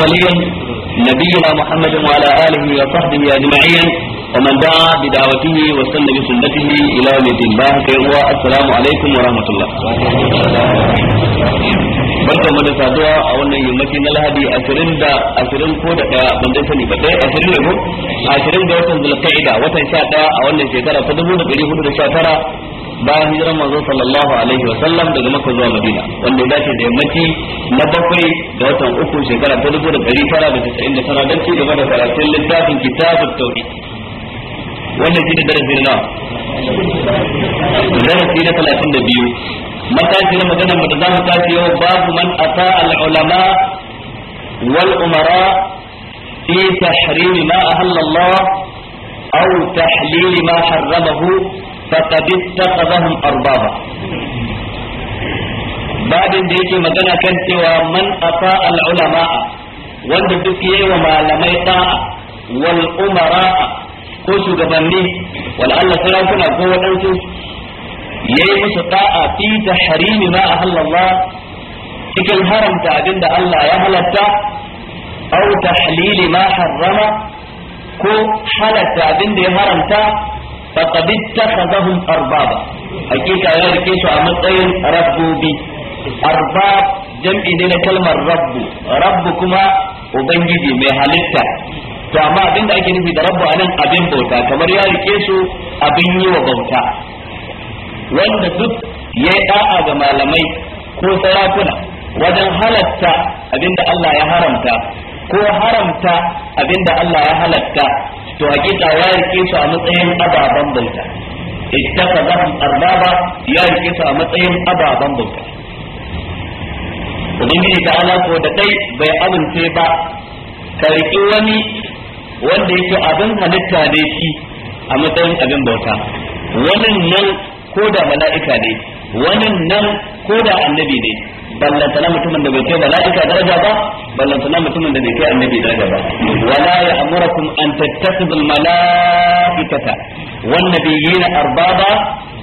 المرسلين نبينا محمد وعلى آله وصحبه أجمعين ومن دعا بدعوته وسن بسنته إلى يوم الدين بارك السلام عليكم ورحمة الله barkan mu da saduwa a wannan yammaci na lahadi ashirin da ashirin ko da daya ban dai sani ba dai ashirin ne ko ashirin ga watan zulqa'ida watan sha a wannan shekara ta dubu da ɗari hudu da sha tara bayan hijirar manzo sallallahu alaihi wa sallam daga makka zuwa madina wanda ya dace da yammaci na bakwai da watan uku shekara ta dubu da ɗari tara da tasa'in da tara don ci gaba da karatun littafin kitabun tauhid wannan shi ne darasi na darasi na talatin da biyu matashiyar maganar mu da za mu tashi yau babu man ata al wal umara fi tahrimi ma ahalla Allah aw tahlili ma harramahu faqad ittaqadhum arbaba babin da yake magana kan cewa man afa al ulama wanda duk yayi wa malamai ta'a wal umara ko shugabanni wal Allah sarakuna ko wadansu yayi musu ta'a fi tahrimi ma ahallallah cikin haramta abinda Allah ya halatta aw tahlili ma harrama ko halarta abinda ya haramta faqad ittakhadhahum arbaba hakika ya rike su a matsayin rabbobi arbab jam'i ne na kalmar rabbu rabbu kuma ubangiji mai halitta to abinda ake nufi da rabbu anan abin bauta kamar ya rike abin yi wa bauta wanda duk ya yi da'a ga malamai ko sarakuna wajen halarta abin da Allah ya haramta ko haramta abin da Allah ya halarta. to a hakika ya rike su a matsayin ababen bauta ittakhadhum arbaba ya rike su a matsayin ababen bauta gini ta ala ko da kai bai amince ba ka rike wani wanda yake abin halitta ne shi a matsayin abin bauta Wani nan ko da mala'ika ne wani nan ko da annabi ne ballantana mutumin da bai kai mala'ika daraja ba ballantana mutumin da bai kai annabi daraja ba wala ya'murakum an tattakhidul mala'ikata wan nabiyina arbaba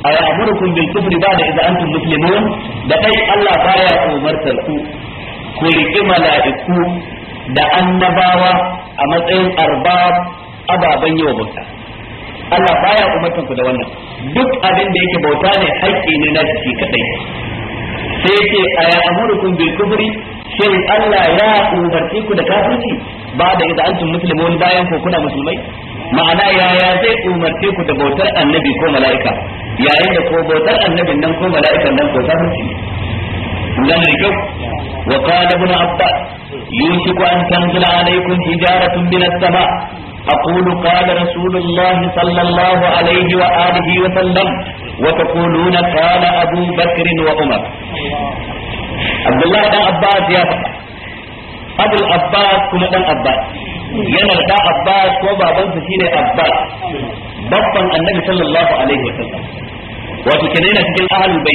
a ya'murukum bil kufri ba'da idza antum muslimun da dai Allah baya umartar ku ku riƙi mala'iku da annabawa a matsayin arbab ababen yawa bauta Allah baya umartan ku da wannan duk abin da yake bauta ne haƙƙi ne na jiki kadai sai yake aya amurukum bil kufri shin Allah ya umarci ku da kafirci ba da idan antum muslimun bayan ko kuna musulmai ma'ana yaya zai umarce ku da bautar annabi ko mala'ika yayin da ko bautar annabin nan ko mala'ikan nan ko kafirci dan da kyau wa qala ibn abbas yushiku an tanzila alaykum hijaratun min as-sama aqulu qala rasulullahi sallallahu alayhi wa alihi wa sallam وتقولون قال أبو بكر وعمر عبد الله بن عباس يا أبو العباس كما بن عباس yana da Abbas ko babansa shine Abbas babban annabi sallallahu alaihi wa sallam wato kenan yana cikin ahlul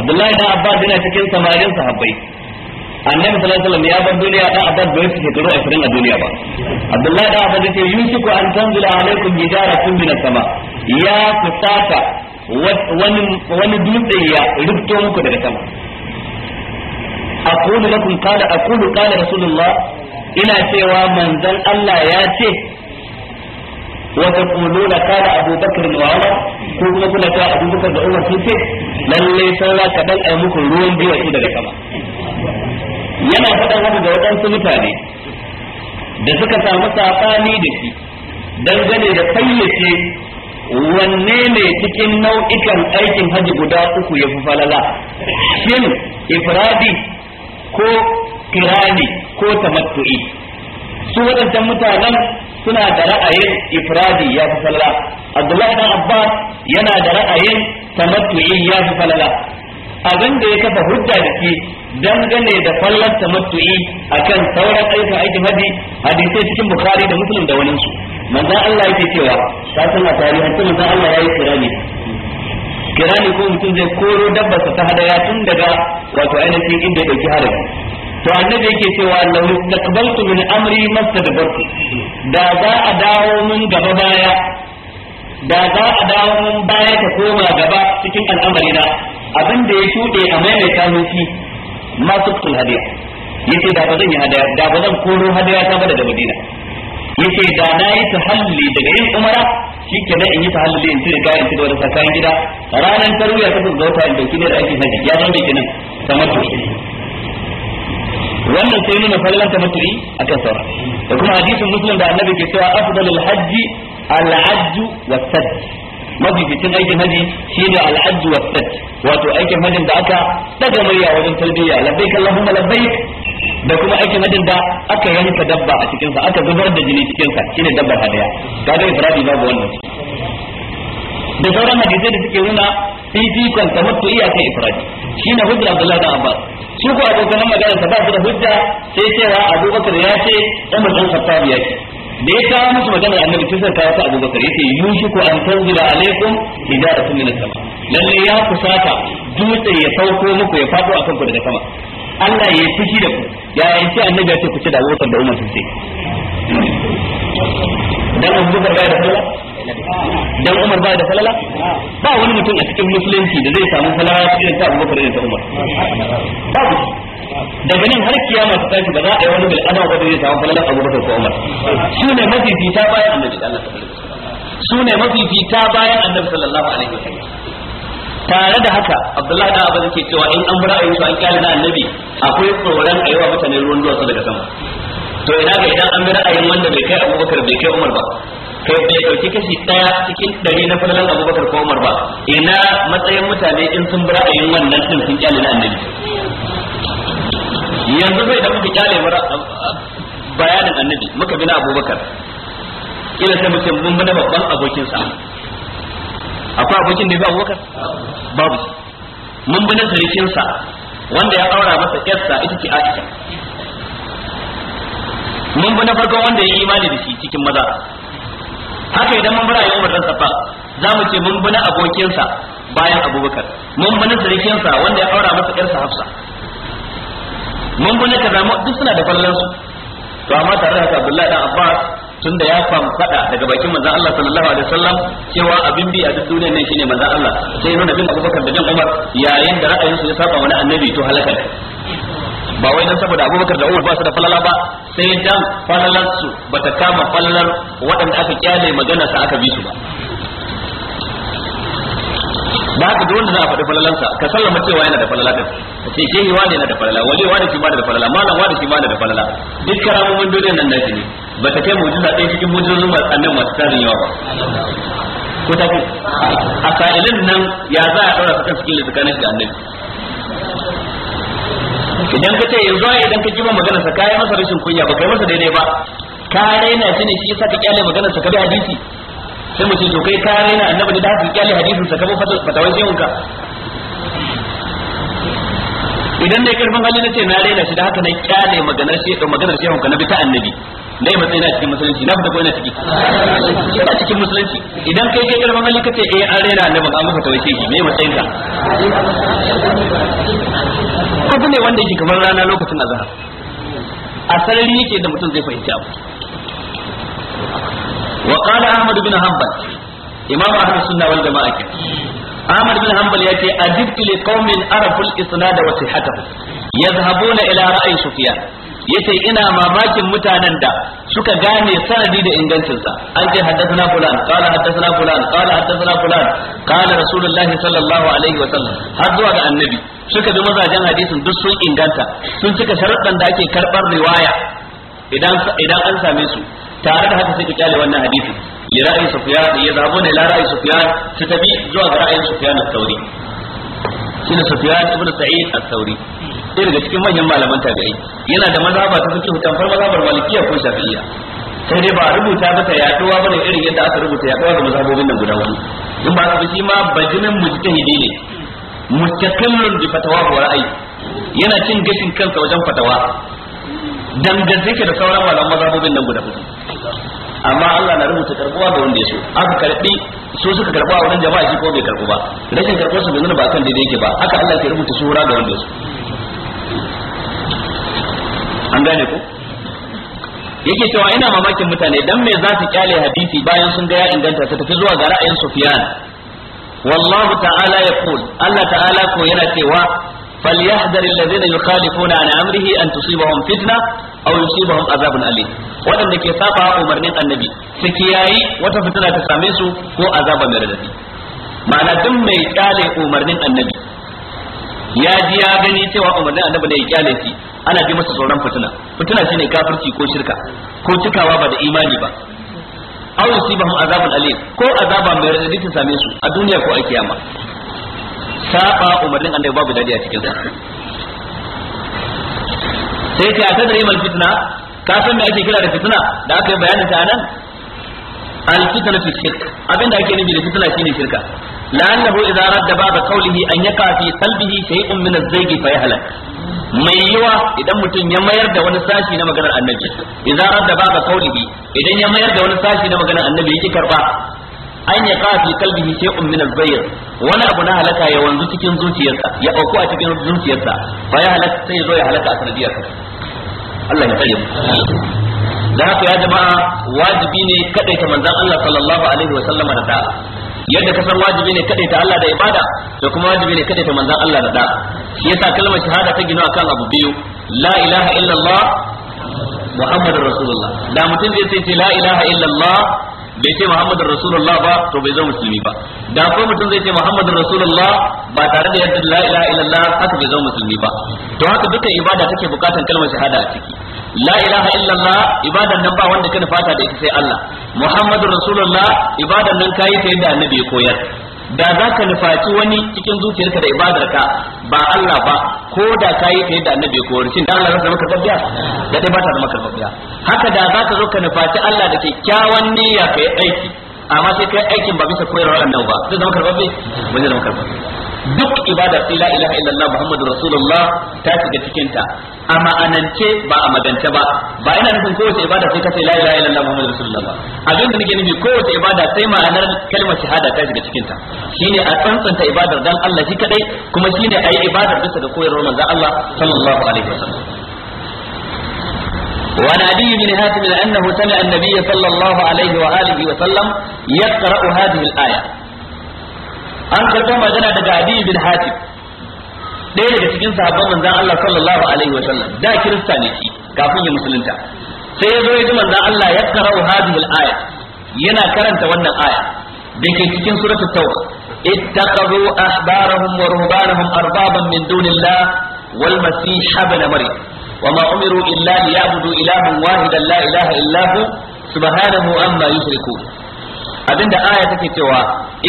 Abdullahi dan Abbas yana cikin samarin annabi sallallahu alaihi wasallam ya bar duniya da Abbas bai shi shekaru 20 a duniya ba Abdullahi da Abbas yace yusiku an tanzila alaikum hijaratun min sama ya kusata wani dutse ya rubto muku daga sama aqulu lakum qala aqulu qala rasulullah ina cewa manzon Allah ya ce wa taquluna qala Abu Bakr wa Umar ko kuma kuna cewa Abu Bakr da Umar sun ce lalle ka dan ai muku ruwan biyu su daga sama yana faɗan haka ga waɗansu mutane da suka samu saɓani da shi dangane da fayyace wanne ne cikin nau'ikan aikin haji guda uku ya fi falala shin ifradi ko kirani ko tamattu'i su waɗancan mutanen suna da ra'ayin ifradi ya fi falala abdullahi dan abbas yana da ra'ayin tamattu'i ya fi falala abin da ya kafa hujja da ke, dangane da fallar tamattu'i akan sauran aikin aikin haji hadisai cikin bukari da muslim da waninsu manzan Allah yake cewa ta san a tarihin ta manzan Allah ya yi kirani kirani ko mutum zai koro dabbarsa ta hadaya tun daga wato ainihin inda ya ɗauki harafi to annabi yake cewa law istaqbaltu min amri mastadbartu da za a dawo mun gaba baya da za a dawo mun baya ta koma gaba cikin al'amari na abin da ya shuɗe a maimaita nufi masu hadiya yace da ba zan yi hadaya da ba zan koro hadaya ta bada da Madina yace da na yi tahalli daga yin umara shikenan in yi tahalli in cire kayan cire wani sakayen gida ranar tarwiya ta ga wata in dauki ne da ake haji ya zama kenan tamattu wannan sai nuna falalan tamattu akan saura da kuma hadisin muslim da annabi ke cewa afdalul hajji al-hajj wa sadd mafificin aikin haji ne al-hajj wa sadd wato aikin hajin da aka daga murya wajen talbiya labbaik allahumma labbaik da kuma aikin hajjin da aka yanka dabba a cikinsa aka zubar da jini cikinsa shine dabbar hadaya kaga ifradi babu wannan da sauran hadisai da suke nuna fifikon tamattu iya kai ifradi shine hujjar Abdullahi da Abbas su ko abokan magana ta ba su da hujja sai cewa Abubakar ya ce Umar dan Khattab ya ce da ya kawo musu maganar annabi kisa ta kawo ta Abubakar yace yushiku an tanzila alaikum hijaratun min sama lalle ya kusata dutse ya sauko muku ya faɗo akan ku daga sama Allah ya yi fushi da ku ya yi yanci annabi ya ce ku ci da Abubakar da Umar sai dan Umar bai da falala dan Umar bai da falala ba wani mutum a cikin musulunci da zai samu falala cikin ta Abubakar da ta Umar ba daga nan har kiyama ta tashi ba za a yi wani bil ba wanda zai samu falalan Abubakar ko Umar su ne mafifita bayan annabi Allah su ne mafifita bayan annabi sallallahu alaihi wasallam tare da haka abdullahi da abin ke cewa in an bura ayyuka an kyale na annabi akwai tsoron a yi wa mutane ruwan zuwa su daga sama to ina ga idan an bi ra'ayin wanda bai kai abubakar bai kai umar ba kai bai dauki kashi daya cikin dari na fadalan abubakar ko umar ba ina matsayin mutane in sun bi ra'ayin wannan din sun kyale na annabi yanzu zai da muka kyale bayanin annabi muka bi na abubakar kila sai mutum mun bi na babban abokinsa akwai abokin da ya fi abubakar babu mun bi na sarikinsa wanda ya aura masa ƙyarsa ita ce aisha mun bi na farkon wanda ya yi imani da shi cikin maza haka idan mun bura rayuwar Umar dan Safa za mu ce mun bi na abokinsa bayan Abubakar mun bi na sarikinsa wanda ya aura masa ƙyarsa Hafsa mun bi na kaza duk suna da kallon su to amma tare da haka Abdullahi dan Abbas tunda ya fanfada daga bakin manzon Allah sallallahu alaihi wasallam cewa abin bi a duk duniya nan shine manzon Allah sai nuna bin Abubakar da jan Umar yayin da ra'ayin su ya saba wani annabi to halaka ba wai dan saboda Abubakar da Umar ba su da falala ba sai dan falalar su bata kama falalar waɗanda aka kyale magana sa aka bi su ba da haka duk wanda za a faɗi falalansa ka sallama cewa yana da falala din ka ce shehi wane yana da falala wali wane shi ma da falala malam wane shi ma da falala duk karamomin duniyar nan nashi ne ba ta kai mu'jiza ɗaya cikin mu'jizozin annabi masu tarin yawa ba ko ta a sa'ilin nan ya za a ɗora su kan cikin tsakanin da annabi idan ka ce yanzu idan ka ji magana sa kai masa rashin kunya ba kai masa daidai ba ka raina shi ne shi yasa ka kyale magana sa ka bi hadisi sai mu ce to kai ka raina annabi da haka kyale hadisin sa ka bi fatawai ka idan dai karfin hali na ce na raina shi da haka na kyale maganar shi ka na bi ta annabi matsayi matsayin cikin musulunci na fita ko yana ciki ina cikin musulunci idan kai kai karfan hali ce eh an rera annabi an maka tawaye shi me matsayin ka abu ne wanda yake kamar rana lokacin azhar a sarari yake da mutum zai fahimci abu wa qala ahmad bin hanbal imam ahlus sunna wal jamaa ke ahmad bin hanbal yace ajibtu li qaumin araful isnad wa sihhatahu yadhhabuna ila ra'yi sufyan yace ina mamakin mutanen da suka gane sanadi da ingancinsa an ce haddathana fulan qala haddathana fulan qala haddathana fulan qala rasulullah sallallahu alaihi wa sallam har zuwa ga annabi suka bi mazajen hadisin duk sun inganta sun cika sharuɗan da ake karɓar riwaya idan idan an same su tare da haka sai ku kyale wannan hadisi li ra'ayi sufyan ya zabo ne la ra'ayi sufyan su tabi zuwa ga ra'ayin sufyan al-thawri sai sufyan ibn sa'id al-thawri sai daga cikin manyan malaman tabi'ai yana da mazhaba ta fiqh farma mazhabar malikiya ko shafi'iyya sai dai ba rubuta ba ta yaduwa bane irin yadda aka rubuta yaduwa ga mazhabobin nan guda wani in ba haka shi ma bajinin mujtahidi ne mutakallim bi fatawa wa ra'ayi yana cin gashin kansa wajen fatawa dangantake da sauran malaman mazhabobin nan guda hudu amma Allah na rubuta karbuwa ga wanda ya so aka karbi su suka karbuwa wurin jama'a shi ko bai karbu ba rashin karbuwa su bai nuna ba kan daidai yake ba haka Allah ke rubuta sura ga wanda ya so an gane ko yake cewa ina mamakin mutane dan me za su kyale hadisi bayan sun ga ya inganta su tafi zuwa ga ra'ayin Sufyan wallahu ta'ala yaqul Allah ta'ala ko yana cewa فليحذر الذين يخالفون عن امره ان تصيبهم fitna او يصيبهم عذاب اليم waɗanda ke saba umarnin annabi su kiyayi wata fitina ta same su ko azaba mai radadi ma'ana duk mai kyale umarnin annabi ya ji ya gani cewa umarnin annabi ne ya kyale shi ana ji masa tsoron fitina fitina shine kafirci ko shirka ko cikawa ba da imani ba aw yusibahum azabun alim ko azaba mai radadi ta same su a duniya ko a kiyama saba umarnin annabi babu dadi a cikin sa sai ka ta da imal fitna ka san me ake kira da fitna da aka yi bayanin ta nan al fitna fi shirk abinda ake nufi da fitina shine shirka لأنه إذا رد بعد قوله أن يقع في قلبه شيء من الزيغ فيهلك mai yiwa idan mutum ya mayar da wani sashi na maganar annabi idan da ba qaulihi idan ya mayar da wani sashi na maganar annabi yake karba an ya qafi kalbihi shay'un min az-zayr wani abu na halaka ya wanzu cikin zuciyarsa ya auku a cikin zuciyarsa fa ya halaka sai zo ya halaka a sanadiyar Allah ya tsare mu da haka ya jama'a wajibi ne kadaita manzon Allah sallallahu alaihi wa sallama da da'a yadda kasar wajibi ne kadai ta Allah da ibada da kuma wajibi ne kadai ta manzon Allah da da shi yasa kalmar shahada ta gino akan abu biyu la ilaha illallah muhammadur rasulullah da mutum zai sai ce la ilaha illallah bai ce muhammadur rasulullah ba to bai zama musulmi ba da ko mutum zai ce muhammadur rasulullah ba tare da yadda la ilaha illallah haka bai zama musulmi ba to haka dukkan ibada take bukatan kalmar shahada a ciki la ilaha illallah ibadan nan ba wanda kana fata da ita sai Allah muhammadu rasulullah ibadan nan kayi ta yadda annabi ya koyar da za ka nufaci wani cikin zuciyarka da ka ba Allah ba ko da ka yi ta yadda annabi ya koyar shin da Allah zai maka tabbiya da dai ba ta maka tabbiya haka da za ka zo ka nufaci Allah da kyakkyawan niyya kai aiki amma sai kai aikin ba bisa koyarwar annabi ba zai zama karbabbe wani zama karbabbe duk ibada sai la ilaha illallah muhammadur rasulullah ta shiga cikin ta a ma'anance ba a magance ba ba ina nufin kowace ibada sai ka la ilaha illallah muhammadur rasulullah ba abin da nake nufi kowace ibada sai ma'anar kalmar shahada ta shiga cikin ta shine a tsantsanta ibadar dan Allah shi kadai kuma shine ayi ibadar bisa ga koyarwar manzon Allah sallallahu alaihi wasallam وعن عدي بن هاتم أنه سمع النبي صلى الله عليه وسلم هذه an karɓo magana daga Abi bin Hatim ɗaya daga cikin sahabban manzon Allah sallallahu alaihi sallam. da kirista ne shi kafin ya musulunta sai ya zo ya ji manzon Allah ya karau hadhihi al-aya yana karanta wannan aya dake cikin suratul tauba ittaqadu ahbarahum wa ruhbanahum arbaban min dunillah wal masih ibn maryam وما أمروا إلا ليعبدوا إلها واحدا لا إله إلا هو سبحانه عما يشركون abinda aya take cewa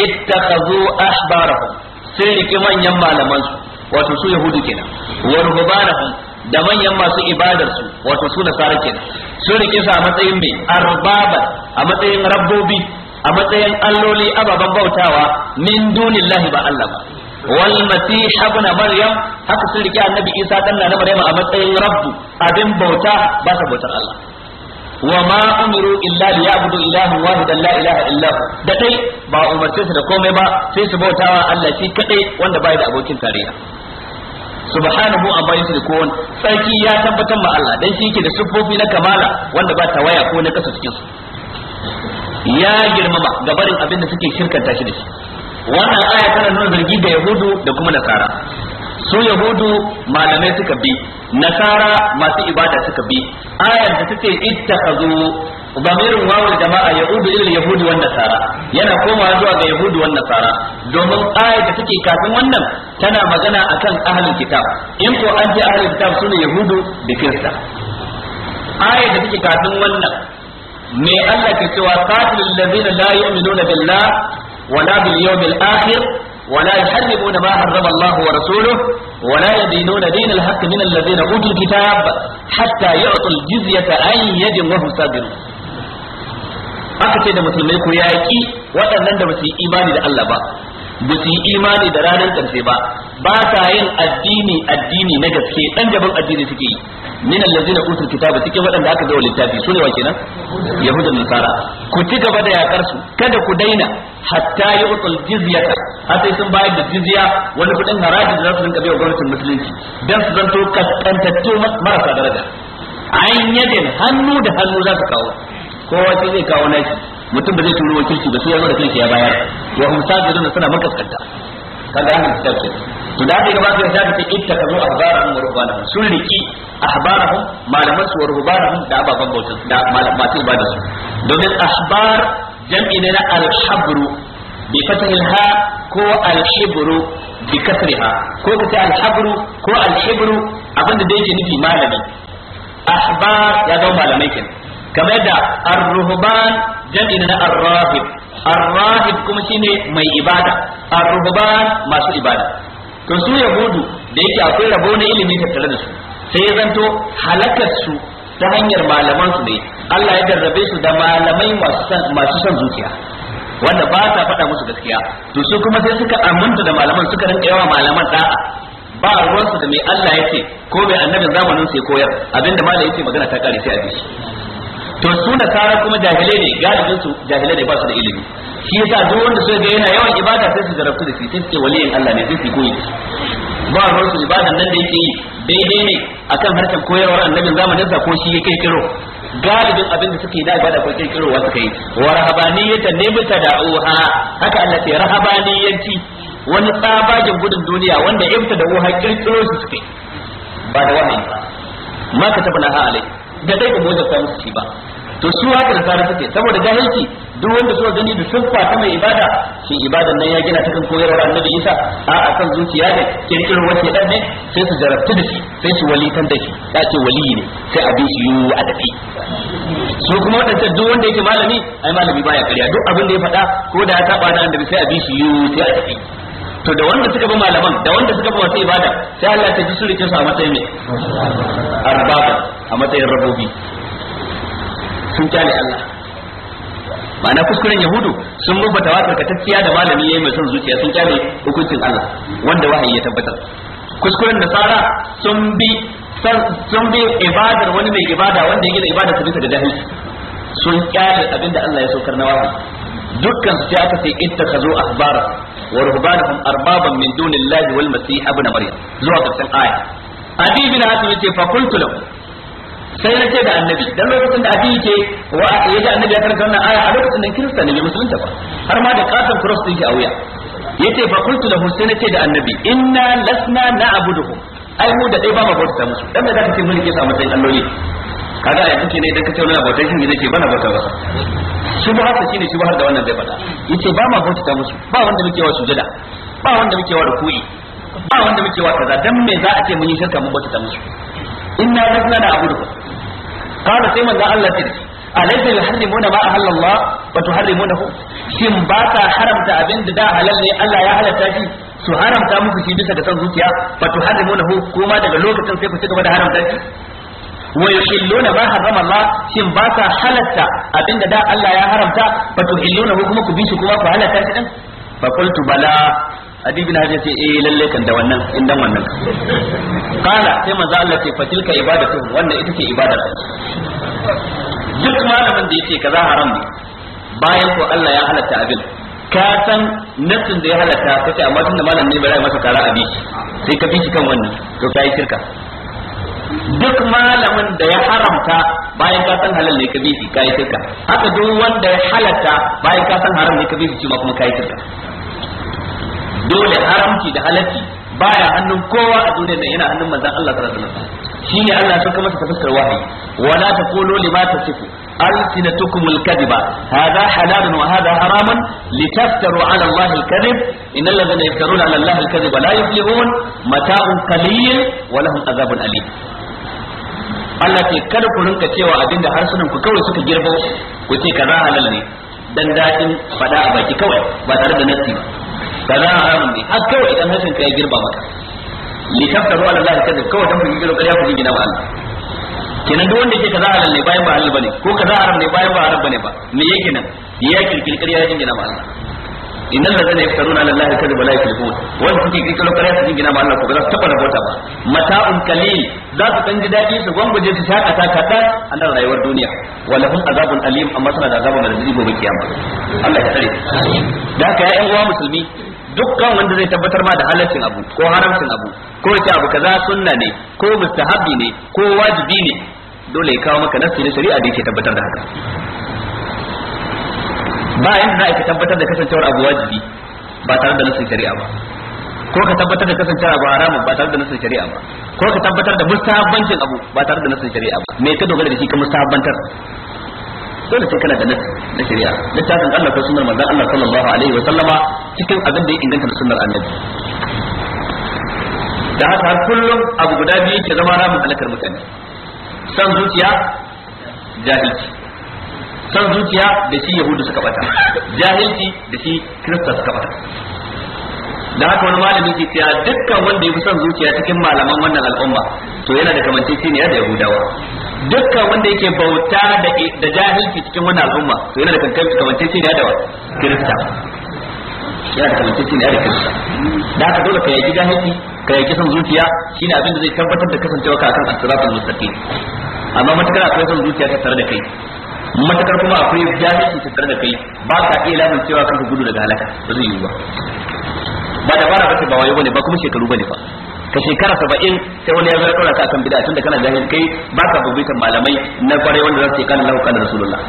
ittakhazu ahbarahum sun riki manyan malaman su wato su yahudu kenan wa da manyan masu ibadar su wato su nasara kenan sun rike su a matsayin mai arbaba a matsayin rabbobi a matsayin alloli ababen bautawa min dunillahi ba Allah ba wal masih ibn maryam haka sun rike annabi isa dan na maryam a matsayin rabbu abin bauta ba sa bautar Allah wa ma umiru illa li ya'budu ilahan wahidan la ilaha illa da dai ba umarce su da komai ba sai su bautawa Allah shi kadai wanda bai da abokin tarayya subhanahu amma yusrikun sarki ya tabbatar ma Allah dan shi yake da sufofi na kamala wanda ba waya ko na kasa cikin su ya girmama gabarin abin da suke shirkanta shi da shi wannan aya tana nuna zargi da yahudu da kuma nasara su yahudu malamai suka bi nasara masu ibada suka bi ayar da take ittakhazu bamirin wawul jama'a yaudu ila yahudi wan nasara yana koma zuwa ga yahudu wan nasara domin ayar da take kafin wannan tana magana akan ahlul kitab in ko an ji ahlul kitab sune yahudu da kirista ayar da take kafin wannan me Allah ke cewa qatilul ladina la yu'minuna billah wala bil yawmil akhir ولا يحرمون ما حرم الله ورسوله ولا يدينون دين الحق من الذين أوتوا الكتاب حتى يعطوا الجزية عن يد وهم صابرون aka ce da musulmai ku yaƙi waɗannan da ba su yi imani da Allah ba ba su yi imani da ranar karshe ba ba sa yin addini addini na gaske dan gaban addini suke yi min allazina utul kitaba cikin waɗanda aka ga littafi sune wa kenan yahuda da nasara ku ci gaba da yakar su kada ku daina hatta yu'tul jizyata har sai sun bayar da jizya wani kuɗin haraji da za su rinka biya gwamnatin musulunci dan su zanto kaskantattu marasa daraja an yadin hannu da hannu za su kawo kowa sai zai kawo nashi mutum da zai turo wakilci ba sai ya zo da kanshi ya bayar wa hum sajidun suna makaskanta kaga an kitab ce to da daga basu da ta itta kazo ahbarahum wa rubbanahum sun riki ahbarahum malaman su wa rubbanahum da ababan bautan da masu ibada su domin ahbar jam'i ne na al-habru bi fatahil ha ko al-hibru bi ha ko ka ce al-habru ko al-hibru abinda da yake nufi malamin. ahbar ya zama malamai kenan kamar da ar-ruhban jami'in na ar-rahib ar-rahib kuma shine mai ibada ar-ruhban masu ibada to su yahudu da yake akwai rabo na ilimi tattare da su sai ya zanto halakar su ta hanyar malaman su ne Allah ya darrabe su da malamai masu son zuciya wanda ba ta faɗa musu gaskiya to su kuma sai suka aminta da malaman suka rinka yawa malaman da'a ba ruwansu da mai Allah yake ko mai annabin zamanin sai koyar abinda malai yake magana ta kare sai a bishi. to su nasara kuma jahilai ne galibin su jahilai ne ba su da ilimi shi yasa duk wanda suka ga yana yawan ibada sai su jarabtu da shi sai ce waliyin Allah ne sai su koyi ba ruwan su ibada nan da yake yi daidai ne akan harkar koyarwar annabin zamanin sa ko shi ya kiro galibin abin da suke da ibada ko kirkirowa suka yi wa rahabaniyata ne mutada'uha haka Allah ce rahabaniyanci wani tsabagen gudun duniya wanda imta da uha kirkiro su suke ba da wahayi ba ma ka tabana ha alai da dai ba da wajabta ci ba to su haka da tsara suke saboda jahilci duk wanda suka gani da sun ta mai ibada shi ibadan nan ya gina ta kan koyarwar annabi isa a a kan zuciya ne kirkiro wace dan ne sai su jarabtu da shi sai su walitan da shi ya ce wali ne sai a bi shi yu a tafi su kuma wadanda duk wanda yake malami ai malami baya kariya duk abin da ya faɗa ko da ya taba da annabi sai a bi shi yu sai a tafi to da wanda suka bi malaman da wanda suka bi wasu ibada sai Allah ta ji surike su a matsayin ne arbaba a matsayin rabobi sun kyale Allah ma'ana kuskuren yahudu sun bi fatawa karkatacciya da malami yayi mai son zuciya sun kyale hukuncin Allah wanda wahayi ya tabbatar kuskuren nasara sun bi sun bi ibadar wani mai ibada wanda ya da ibada su bisa da jahil sun kyale abinda Allah ya saukar na wahayi dukkan su sai aka sai ittakhazu ahbara wa ruhbanahum arbaban min dunillahi wal masih ibn maryam zuwa karshen aya abi bin hatim yace fa qultu lahu sai nace da annabi dan lokacin da abi yake wa yaji annabi ya karanta wannan aya a lokacin da kirista ne bai musulunta ba har ma da katon cross din shi a wuya yace fa qultu lahu sai nace da annabi inna lasna na'buduhum ai mu da dai ba mu bauta musu dan da zaka ce mun ke samu matsayin alloli kaga a kike ne idan ka tauna bautar shi ne ce bana bauta ba shi ba haka shine shi ba har da wannan zai faɗa yace ba ma bauta musu ba wanda muke wa sujada ba wanda muke wa ruku'i ba wanda muke wa kaza dan me za a ce mun yi shirka mun bauta musu inna lazna na abudu qala sai manzo Allah ya ce alaysa yuharrimuna ma ahalla Allah wa tuharrimunahu shin ba ta haramta abin da da halal ne Allah ya halatta shi su haramta muku shi bisa ga san zuciya fa tuharrimunahu kuma daga lokacin sai ku ci gaba da haramta shi wa yuhilluna ma harrama Allah shin ba sa halatta abinda da Allah ya haramta fa tuhilluna kuma ku bi shi kuma ku halatta shi din fa qultu bala adi bin ce eh lalle kan da wannan in dan wannan kala sai manzo Allah ce fa tilka ibadatu wannan ita ce ibada duk malamin da yace kaza haram ne bayan ko Allah ya halatta abin ka san nassin da ya halatta kace amma tunda malam ne bai masa kara abi sai ka bi shi kan wannan to kai shirka duk malamin da ya haramta bayan ka san halal ne ka bi shi kai shirka haka duk wanda ya halatta bayan ka san haram ne ka bi shi ma kuma kai shirka dole haramci da halalci baya hannun kowa a duniyar nan yana hannun manzon Allah sallallahu alaihi wasallam shine Allah suka masa tafassar wahayi wala taqulu lima tasifu ألسنتكم الكذب هذا حلال وهذا حرام لتفتروا على الله الكذب إن الذين يفترون على الله الكذب لا يفلحون متاع قليل ولهم عذاب أليم Allah ce kada ku rinka cewa abinda harsunan ku kawai suka girbo ku ce kaza halal ne dan dadin fada a baki kawai ba tare da nasi ba kaza haramun ne har kawai idan harshen ka ya girba maka li kaftaru ala Allah kada kawai dan ku girbo kariya ku gina wa Allah kenan duk wanda ke kaza halal ne bayan ba halal bane ko kaza haram ne bayan ba haram bane ba me yake nan ya kirkiri kariya ya gina wa Allah innal ladzina yaftaruna ala allahi kadhiba la yuflihun wanda suke kirkiro ƙarya su jingina ma Allah ko ba za su taba rabota ba mata'un qalil za su dan ji dadi su gwangwaje su shakata kadan a nan rayuwar duniya wa lahum azabun alim amma suna da azabun da zai gobe kiyama Allah ya tsare da haka ya'yan uwa musulmi dukkan wanda zai tabbatar ma da halaccin abu ko haramcin abu ko ce abu kaza sunna ne ko mustahabi ne ko wajibi ne dole ya kawo maka nassi na shari'a da yake tabbatar da haka ba yin da a tabbatar da kasancewar abu wajibi ba tare da nasin shari'a ba ko ka tabbatar da kasancewar abu haramun ba tare da nasin shari'a ba ko ka tabbatar da mustahabbancin abu ba tare da nasin shari'a ba me ka dogara da shi ka mustahabbantar dole sai kana da nasi na shari'a littafin Allah ko sunnar manzon Allah sallallahu alaihi wa sallama cikin abin da ya inganta da sunnar annabi da haka har kullum abu guda biyu ke zama ramin alakar mutane san zuciya jahilci san zuciya da shi yahudu suka bata jahilci da shi kirista suka bata da haka wani malami ke cewa dukkan wanda ya fi son zuciya cikin malaman wannan al'umma to yana da kamanceceniya da yahudawa dukkan wanda yake bauta da jahilci cikin wannan al'umma to yana da kamanceceniya da kirista yana da kamanceceniya da kirista da haka dole ka yaki jahilci ka yaki son zuciya shine abin da zai tabbatar da kasancewa ka akan as mustaqim amma matakar akwai son zuciya ta tare da kai matakar kuma akwai jahilci tattare da kai ba ka iya lamun cewa ka gudu daga halaka ba zai yiwu ba ba da ba ce ba wayo bane ba kuma shekaru bane ba ka shekara saba'in sai wani ya zo ya akan ka kan bid'a tunda kana jahil kai ba ka bubutan malamai na kware wanda za su yi kana lahu kana rasulullah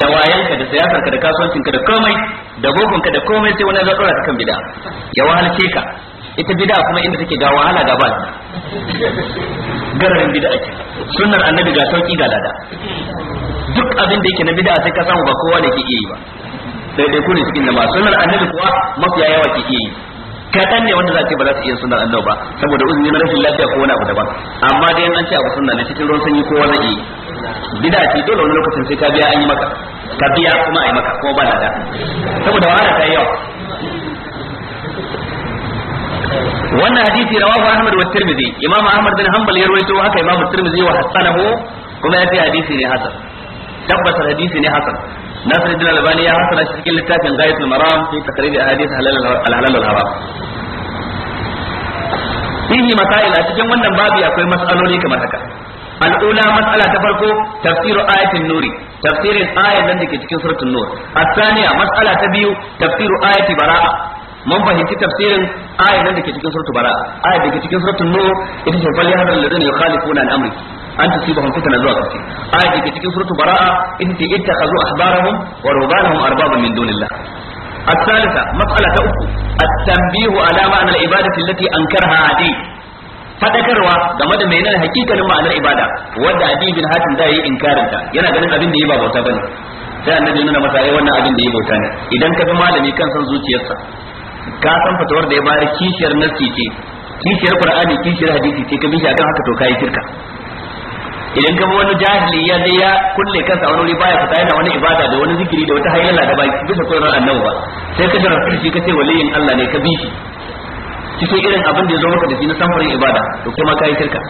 da wayanka da siyasarka da kasuwancinka da komai da gogonka da komai sai wani ya zo ɗora ka kan bid'a ya wahalce ka ita bid'a kuma inda take ga wahala ga ban gararin bid'a ce sunnar annabi ga sauki ga lada duk abin da yake na bid'a sai ka samu ba kowa da ke iya yi ba daidai ku ne cikin ba sunnar annabi kuwa mafiya yawa ke iya yi kaɗan ne wanda za ce ba za su iya sunan annabi ba saboda uzuri na rashin lafiya ko wani abu daban amma dai an ce abu sunna ne cikin ruwan sanyi kowa zai yi bid'a ce dole wani lokacin sai ka biya an yi maka ka biya kuma a yi maka kuma ba lada saboda wahala ta yi yawa wannan hadisi rawahu ahmad wa tirmidhi imam ahmad bin hanbal ya rawaito haka imam tirmidhi wa hasanahu kuma ya fi hadisi ne hasan tabbatar hadisi ne hasan nasiruddin albani ya hasana shi cikin littafin ghayatul maram fi taqrir ahadith halal al halal wal haram fihi masail a cikin wannan babu akwai mas'aloli kamar haka al'ula mas'ala ta farko tafsiru ayatin nuri tafsirin ayatan da ke cikin suratul nur mas'ala ta biyu تفسير آية bara'a. mun fahimci tafsirin ayar nan da ke cikin suratul bara ayar da ke cikin suratul nur ita ce fal yahdar alladhina yukhalifuna an amri an tusibahum fitna zuwa kafi ayar da ke cikin suratul bara'a ita ce ittakhadhu ahbarahum wa rubanahum arbaban min dunillah الثالثة مسألة أخرى التنبيه على معنى العبادة التي أنكرها عدي fadakarwa game da menene hakikanin ma'anar ibada wanda Adi bin Hatim da yayi inkarin ta yana ganin abin da yayi ba bauta ne. sai annabi nuna masa ai eh, wannan abin da yayi bauta ne idan ka bi malami kan san zuciyarsa ka san fatawar da ya bayar kishiyar nassi ce kishiyar qur'ani kishiyar hadisi ce ka bi shi akan haka to kai shirka idan ka wani jahili ya zai ya kulle kansa wani wuri baya fata yana wani ibada da wani zikiri da wata hayyala da ba bisa ran annabi ba sai ka shirka shi ka ce waliyin Allah ne ka bi shi cikin irin abin da ya zo maka da shi na samfarin ibada to kuma kai shirka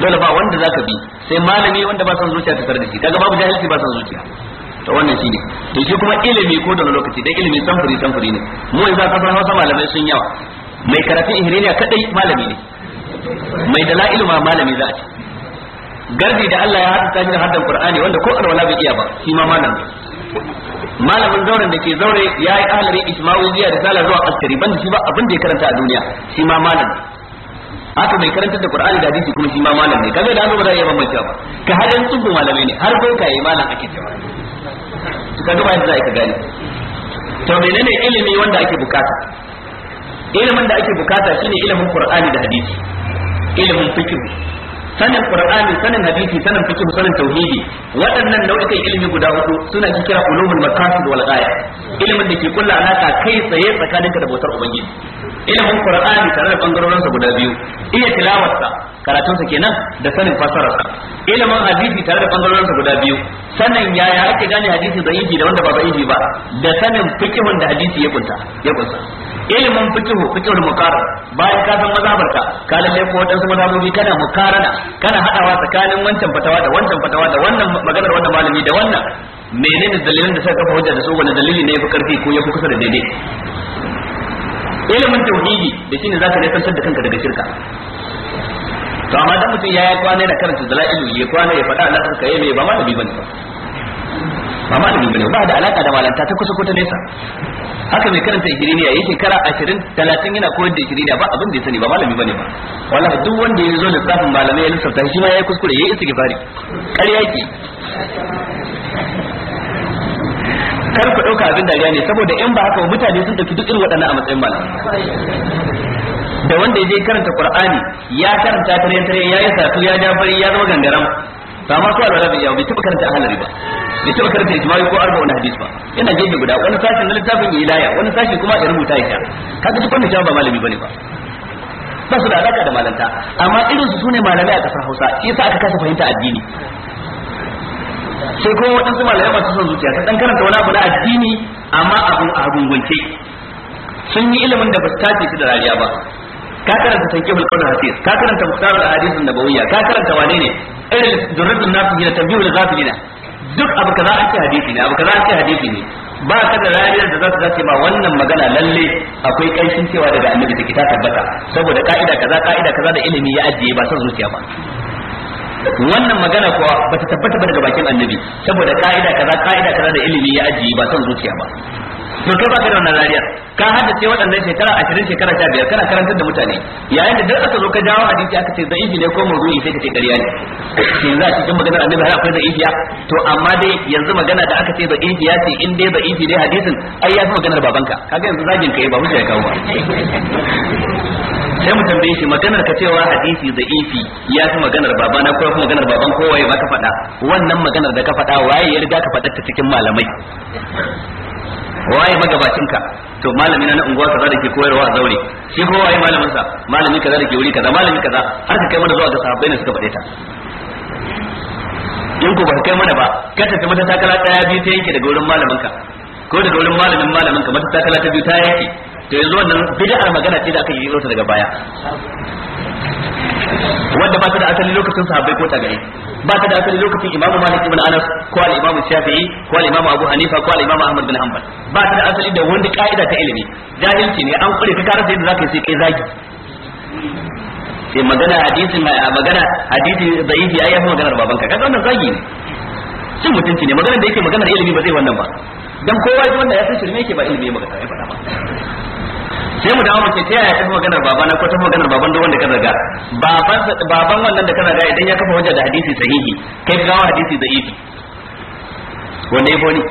dole ba wanda zaka bi sai malami wanda ba san zuciya ta tare da shi kaga babu jahilci ba san zuciya to wannan shine to shi kuma ilimi ko da lokaci dan ilimi samfuri samfuri ne mu yanzu a kasar Hausa malamai sun yawa mai karatun ihriniya kadai malami ne mai la'ilu ma malami za a ce gardi da Allah ya haɗa tashi da haddan Qur'ani wanda ko alwala bai iya ba shi ma malam malamin zauren da ke zaure ya yi ahalari Isma'il jiya da sala zuwa askari banda shi ba abin da ya karanta a duniya shi ma malam haka mai karanta da Qur'ani da hadisi kuma shi ma malam ne kaga da hannu ba za a iya Ka ba ka hadan tsubu malamai ne har ko kai malam ake cewa Ka ba yadda za ka gani to menene ilimi wanda ake bukata ilimin da ake bukata shine ilimin qur'ani da hadisi ilimin fikihu. sanin qur'ani sanin hadisi sanin fikihu, sanin tauhidi waɗannan nau'ikan ilimi guda hudu suna ki kira ulumul maqasid wal ghaya ilimin da ke kulla alaka kai tsaye tsakaninka da bautar ubangiji ilimin qur'ani tare da bangarorin sa guda biyu iya tilawarsa karatun sa kenan da sanin fasarar sa ilimin hadisi tare da bangarorin sa guda biyu sanin yaya ake gane hadisi da da wanda ba yiji ba da sanin fikihun da hadisi ya kunta ya kunta ilimin fikihu fiqhul muqarrar bayan ka san mazhabarka ka lalle ko wadansu mazhabobi kana mukarana kana hadawa tsakanin wancan fatawa da wancan fatawa da wannan maganar wannan malami da wannan menene dalilin da suka kafa hujja da su wani dalili ne fi karfi ko ya fi kusa da daidai ilimin tauhidi da shine zaka nisantar da kanka daga shirka to amma dan mutum ya yi kwana yana karanta dala'ilu ya kwana ya faɗa Allah ka yayi mai ba malami bane ba malami bane ba da alaka da walanta ta kusa kota nesa haka mai karanta igiriniya yake kara 20 30 yana koyar da igiriniya ba abin da ya sani ba malami bane ba wallahi duk wanda ya zo safin malamai ya lissafta shi ma yayi kuskure yayi istighfari kariya ke. kar ku dauka abin dariya ne saboda in ba haka mutane sun dauki duk irin waɗannan a matsayin malamai da wanda ya je karanta qur'ani ya karanta tare tare ya yi satu ya ja bari ya zama gangaram to amma ko da bai bai taba karanta ahlari ba bai taba karanta ijma'i ko arba'un hadis ba yana gefe guda wani sashin na littafin ilaya wani sashin kuma ya rubuta ya kaga duk wanda ba malami bane ba ba su da alaka da malanta amma irin su sune malamai a kasar Hausa shi yasa aka kasa fahimta addini sai kuma waɗansu malamai masu son zuciya ta dan karanta wani abu na addini amma abu a gungunce sun yi ilimin da ba su tace shi da rariya ba ka karanta tankihul da hadis ka karanta da ahadith da nabawiyya ka karanta wane ne irin da za tanbihul gina, duk abu kaza an ce hadisi ne abu kaza an ce hadisi ne ba ka da rariyar da za su zace ma wannan magana lalle akwai ƙarshen cewa daga annabi take ta tabbata saboda ka'ida kaza ka'ida kaza da ilimi ya ajiye ba son zuciya ba wannan magana kuwa ba ta tabbata ba daga bakin annabi saboda ka'ida kaza ka'ida kaza da ilimi ya ajiye ba son zuciya ba to kai ka da nazariya ka ka ce waɗannan shekara 20 shekara 15 kana karantar da mutane yayin da duk aka zo ka jawo hadisi aka ce da'ifi ne ko mawdu'i sai ka ce ƙarya ne Shin za a cikin maganar annabi har akwai da'ifi ya to amma dai yanzu magana da aka ce da'ifi ya ce in dai da'ifi ne hadisin ai ya fi maganar babanka kaga yanzu zagin kai ba hujja ya kawo ba sai mu tambaye shi maganar ka cewa hadisi da ifi ya fi maganar babana ko kuma maganar baban kowaye ba ka faɗa wannan maganar da ka faɗa waye ya riga ka faɗa ta cikin malamai waye magabacin ka to malami na unguwa kaza da ke koyarwa a zaure shi ko waye malamin sa malami kaza da ke wuri kaza malami kaza har ka kai mana zuwa ga sahabbai ne suka faɗe ta in ko ba ka kai mana ba ka tafi mata takala daya biyu ta yanke daga wurin malamin ka ko daga wurin malamin malamin ka mata takala ta biyu ta yanke to yanzu wannan bid'ar magana ce da aka yi ta daga baya wanda ba ta da asali lokacin sahabbai ko ta tabi'i ba ta da asali lokacin imamu Malik ibn Anas ko al imamu Shafi'i ko al imamu Abu Hanifa ko al imamu Ahmad bin Hanbal ba ta da asali da wani ka'ida ta ilimi jahilci ne an kure ka da yadda zaka yi sai kai zagi sai magana mai magana hadisi da'ifi ai fi maganar ka kaga wannan zagi ne cin mutunci ne maganar da yake maganar ilimi ba zai wannan ba dan kowa wanda ya san shirme yake ba ilimi ya magana ya faɗa ba sai mu dawo mu ce yaya ta maganar babana ko ta maganar baban duk wanda ka zaga baban baban wannan da ka zaga idan ya kafa hujja da hadisi sahihi kai kawo hadisi da ifi wanda ya foni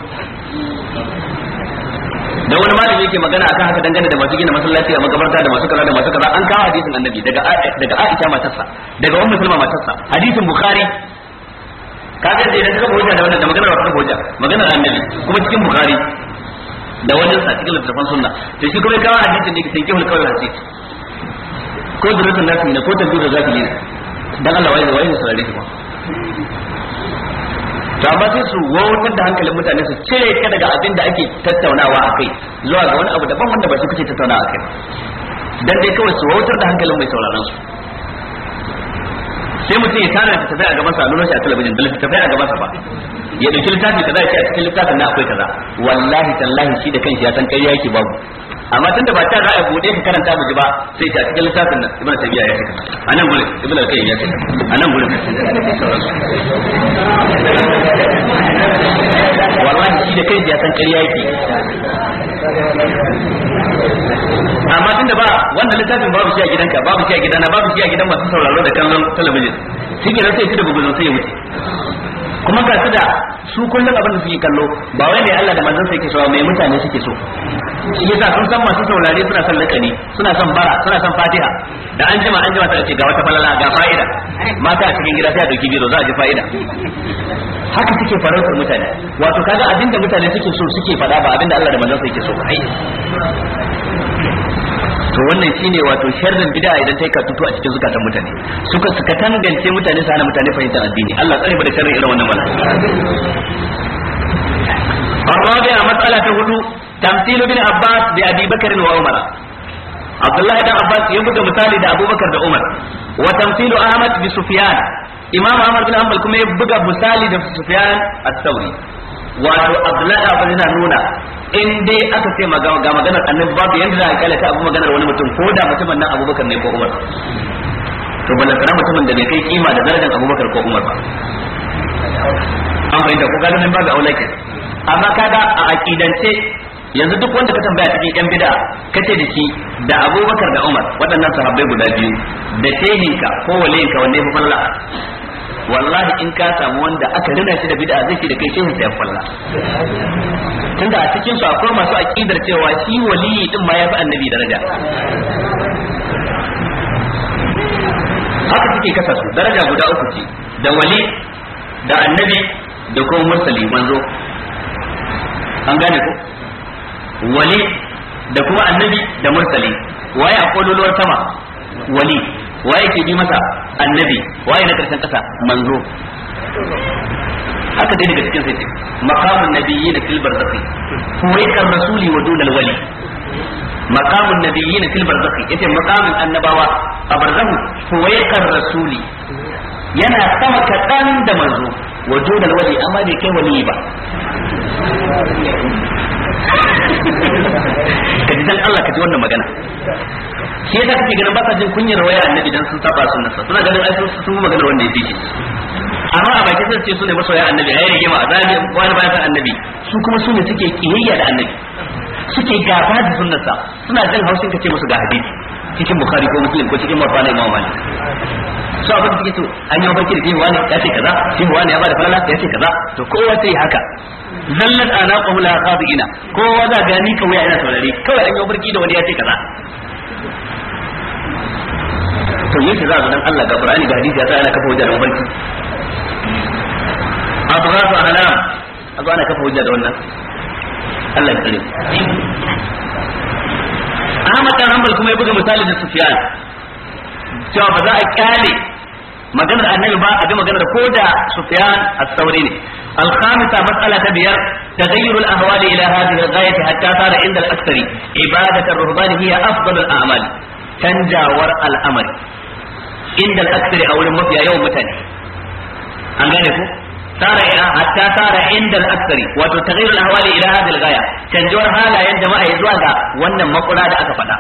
da wani malami yake magana akan haka dangane da masu gina masallaci a makabarta da masu kaza da masu kaza an kawo hadisin annabi daga daga Aisha matarsa daga ummu Salma matarsa hadisin Bukhari kaga da idan ka hujja da wannan da maganar wannan hujja maganar annabi kuma cikin Bukhari da wajen sa cikin littafin sunna to shi kuma kawai hadisi ne sai kihul kawai hadisi ko durusun nasu ne ko tantu da yi ne dan Allah wai wai ne rare shi ba to amma sai su wawutar da hankalin mutane su cire ka daga abin da ake tattaunawa a kai zuwa ga wani abu daban wanda ba shi kace tattaunawa a kai dan dai kawai su wawutar da hankalin mai sauraron su sai mutum ya tana ta tafiya a gabansa a lura shi a talabijin da littattafai a sa ba ya dauki littafi kaza ya ce a cikin littafin na akwai kaza wallahi tallahi shi da kanshi ya san ƙarya yake babu amma tunda ba ta za a bude ka karanta mu ba sai ta cikin littafin nan ibnu tabiya ya kai anan gurin ibnu al-qayyim ya kai anan gurin wallahi shi da kai ya san ƙarya yake amma tunda ba wannan littafin babu shi a gidanka babu shi a gidana babu shi a gidan masu sauraro da kallon talabijin shi ne sai shi da bugun sai ya wuce kuma ga su da su kullum abin da suke kallo ba wai ne Allah da manzon sai ke so mai mutane suke so shi yasa sun san masu saurare suna son lakani suna son bara suna son fatiha da an jima an jima sai ce ga wata falala ga fa'ida mata a cikin gida sai a dauki biro za a ji fa'ida haka suke su mutane wato kaga abinda mutane suke so suke fada ba abinda Allah da manzon sai ke so to wannan shine wato sharrin bid'a idan ta yi katutu a cikin zukatan mutane suka suka tangance mutane su hana mutane fahimtar addini Allah tsare mu da irin wannan mana الرابعة مسألة هدوء تمثيل da Umar. بأبي بكر Abbas ya buga بن da Abubakar da Umar wa وعمر Ahmad أحمد بسفيان imam ahmad bin hanbal kuma ya buga misali da sufyan as-sauri wato abdullahi ba yana nuna in dai aka ce ga maganar annabi babu yanda za a kalata abu maganar wani mutum ko da mutumin nan abubakar ne ko umar to ballantana mutumin da bai kai kima da darajar abubakar ko umar ba an fahimta ko nan babu aula ke amma kaga a aqidance yanzu duk wanda ka tambaya cikin yan bid'a kace da shi da abubakar da umar waɗannan sahabbai guda biyu da tehinka ko waliyinka wanne ya fi wallahi in ka samu wanda aka rina shi da bid'a zai shi da kai shehu sai falla tunda a cikin su akwai masu aqidar cewa shi waliyi din ma yafi annabi daraja haka suke kasa su daraja guda uku ce da wali da annabi da kuma mursali manzo an gane ko wali da kuma annabi da mursali waye a kololuwar sama wali waye ke bi masa annabi waye na karshen kasa manzo haka dai daga cikin sai ce maqamun nabiyyin fil barzakhi huwaika rasuli wa dunal wali maqamun nabiyyin fil barzakhi yace maqamin annabawa a barzakhu huwaika rasuli yana sama kaɗan da manzo wa dunal wali amma bai kai wali ba ka ji dan Allah ka ji wannan magana shi yasa kake ganin ba sa jin kunyar waya annabi dan sun saba sunnar sa suna ganin ai sun sun magana wanda ya fi amma a baki sai su ne masoya annabi ai rige ma azabi wani ba sa annabi su kuma su ne suke kiyayya da annabi suke gaba da sunnar sa suna jin haushin ka ce musu ga hadisi cikin bukhari ko muslim ko cikin mafana imam malik su abin da suke to an yi mafarki da shehu wani ya ce kaza shi wani ya ba da falala ya ce kaza to kowa sai haka zallat anaqahum la qadiina kowa za gani kawai yana saurare kawai an yi barki da wani ya ce kaza to shi za a dan Allah ga Qur'ani da hadisi ya sa ana kafa hujja da mafarki adrasu alam azu ana kafa hujja da wannan Allah ya tsare Ahmad dan Hanbal kuma ya buga misali da Sufyan cewa ba za a kyale maganar annabi ba a ji maganar ko da Sufyan as-Sauri ne الخامسة مسألة بير تغير الأهوال إلى هذه الغاية حتى صار عند الأكثر عبادة الرهبان هي أفضل الأعمال تنجاور الأمر عند الأكثر أو المفيا يوم متاني an sara ila hatta sara inda aksari wato taghyir al-ahwali ila hadhihi al-ghaya halayen jama'a ya zuwa ga wannan makura da aka faɗa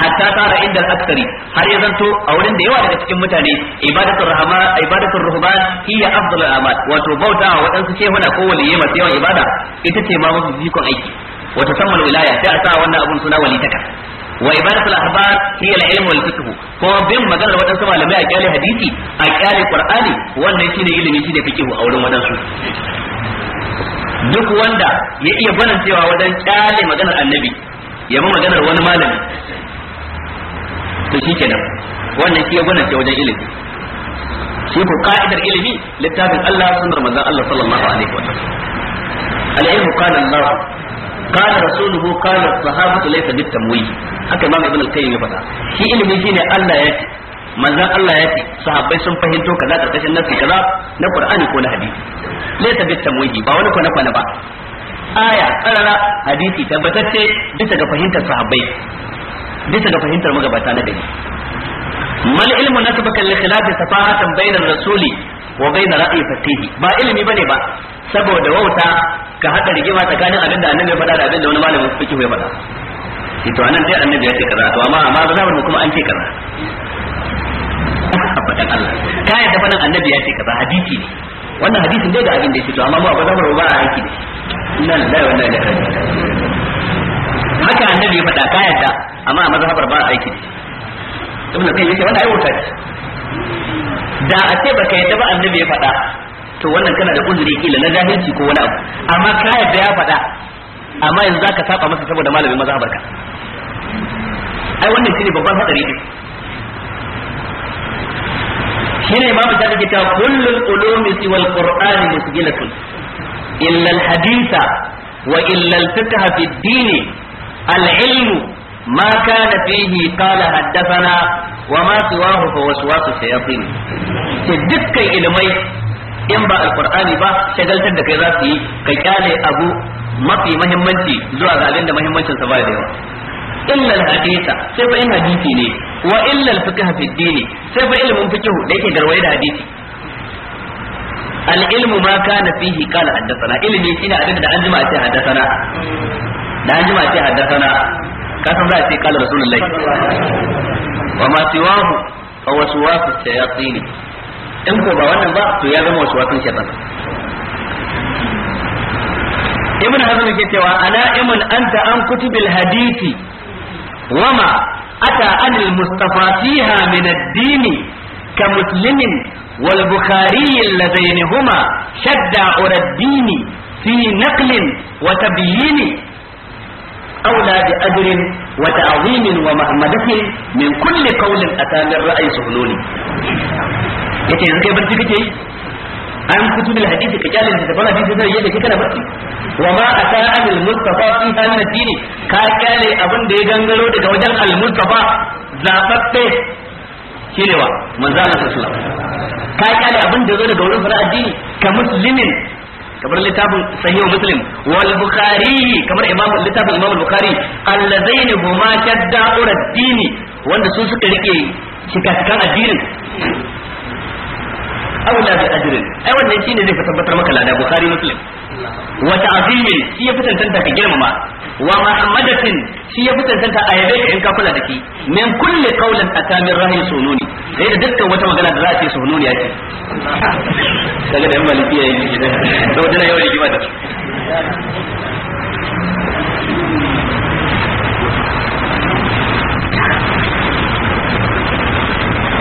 hatta tara inda al-aksari har ya zanto a wurin da yawa daga cikin mutane ibadatul rahama ibadatul ruhban hiya afdalul amal wato bauta wa wadansu shehuna ko waliyyi masu yawan ibada ita ce ma mafi jikon aiki wato sammal wilaya sai a sa wannan abun suna walitaka wa ibadatul ahbar hiya al-ilm wal fiqh ko bin maganar wadansu malamai a kyale hadisi a kyale qur'ani wannan shine ilimi shine fiqh a wurin wadansu duk wanda ya iya cewa wajen kyale maganar annabi ya ma maganar wani malami to shikenan wannan shi ya balance wajen ilimi shi ko ka'idar ilimi littafin Allah sunnar manzon Allah sallallahu alaihi wa sallam al-ilmu qala Allah qala rasuluhu qala sahabatu laysa bitamwi haka imam ibn al-qayyim ya faɗa shi ilimi shine Allah ya ce manzan Allah ya ce sahabbai sun fahimta kaza karkashin nasi kaza na Qur'ani ko na hadisi laysa ba wani kwana kwana ba aya karara hadisi tabbatacce bisa ga fahimtar sahabbai bisa ga fahimtar magabata na gari mal ilmu nasabaka li khilafi safahatan bainar rasuli wa bai na ra'ayi fatihi ba ilimi bane ba saboda wauta ka hada rigima tsakanin abin da annabi ya faɗa da abin da wani malamin fiqh ya faɗa shi to anan dai annabi ya ce kaza to amma amma ba mu kuma an ce kaza abadan Allah ka yadda nan annabi ya ce kaza hadisi ne wannan hadisin dai da abin da ya to amma ba ba mu ba a aiki nan da wannan da kai haka annabi ya faɗa ka yadda amma a mazhabar ba a aiki ne ibn qayyim yake wannan ayyuka wauta da a ce baka yadda ba annabi ya faɗa to wannan kana da uzuri kila na jahilci ko wani abu amma ka yadda ya faɗa amma yanzu zaka saba masa saboda malamin barka ai wannan shine babban hadari ne. shine imamu ta ce ta kullul ulumi siwal qur'an musjilatun illa al haditha wa illa al fiqh fi ad-din al ilmu ما كان فيه قال حدثنا وما سواه فوسواس الشياطين دكا ilmai in ba alqur'ani ba shagaltar da kai za su yi ka kyale abu mafi mahimmanci zuwa ga abin da mahimmancin sa yawa illa hadisa sai fa in hadisi ne wa illa alfiqh fi dini sai fa ilmin fiqh da yake garwaye da hadisi al ma kana fihi qala haddathana ilmi shine abin da an jima ce haddathana da ka san za a ce kala rasulullahi wa ma siwahu fa waswasu shayatin in ko ba wannan ba to ya zama waswasun shaytan ibn hazm ke cewa ana imun anta an kutubil hadisi wama ata anil mustafa fiha min ad-dini ka muslimin wal bukhari ladainihuma shadda ur ad-dini fi naql wa tabyin أولى بأجر وتعظيم ومهمدة من كل قول أتى من رأي سهلولي yace yanzu kai barci kake yi an kutu bil ka kyalin da bana hadisi zai yadda kika na barci wa ma ata al mustafa fi hanin dini ka kyale abin da ya gangaro daga wajen al mustafa zababbe shine wa manzo Allah sallallahu alaihi ka kyale abin da zo daga wurin fara addini ka musulmin? kamar littafin sahih muslim wal bukhari kamar imam littafin imam bukhari allazaini huma shadda'ur ad-dini wanda su suka rike shikasikan addinin aula bi ajrin ai zai tabbatar maka lada bukhari muslim wa ta'zimin shi girmama shi ya fitar da a yabe ka in ka kula da shi min kulli qawlin atamir rahi sununi sai da dukkan wata magana da za a ce sununi yake daga da maliki yayi yake gidan da wajen yau da kima da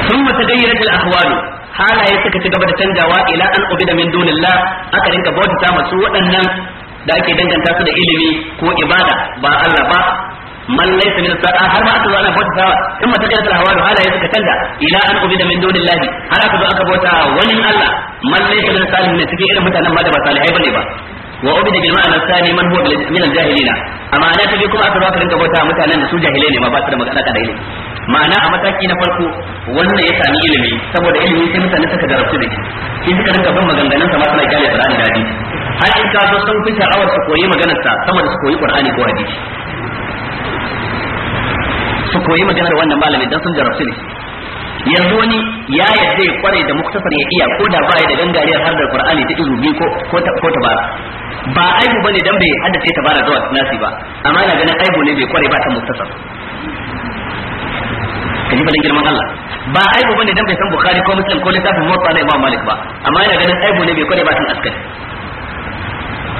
ثم تغيرت الأحوال halaye suka ci gaba da canjawa ila an ubida min dunillah aka rinka bauta masu waɗannan da ake danganta su da ilimi ko ibada ba Allah ba من ليس من sa'a har ما aka أنا ana bauta sawa in هذا hawa da أن أبدا canza ila الله هل min dunillahi har aka الله aka bauta wani Allah من laysa min متى ne cikin irin mutanen ma da ba من هو من الجاهلين أما أنا ma'ana thani man huwa متى al-jahilina جاهلين ما tabi kuma aka zo ma'ana a mataki na farko wannan ya sami ilimi saboda ilimi sai mutane suka jarabtu da shi sai suka rinka bin maganganun sa suna kyale Qur'ani da hadisi har in ka zo sun fi sha'awar su koyi maganar sa sama su koyi Qur'ani ko hadisi su koyi da wannan malamin dan sun jarabci ne yanzu wani ya yadda ya kware da muktasar ya iya ko da baya da gangariyar har da qur'ani ta izu biyu ko ko bara. ba aibu bane dan bai haddace bara zuwa nasi ba amma ina ganin aibu ne bai kware ba ta muktasar kaji ba girman Allah ba aibu bane dan bai san bukhari ko muslim ko littafin muwatta na imam malik ba amma ina ganin aibu ne bai kware ba ta askari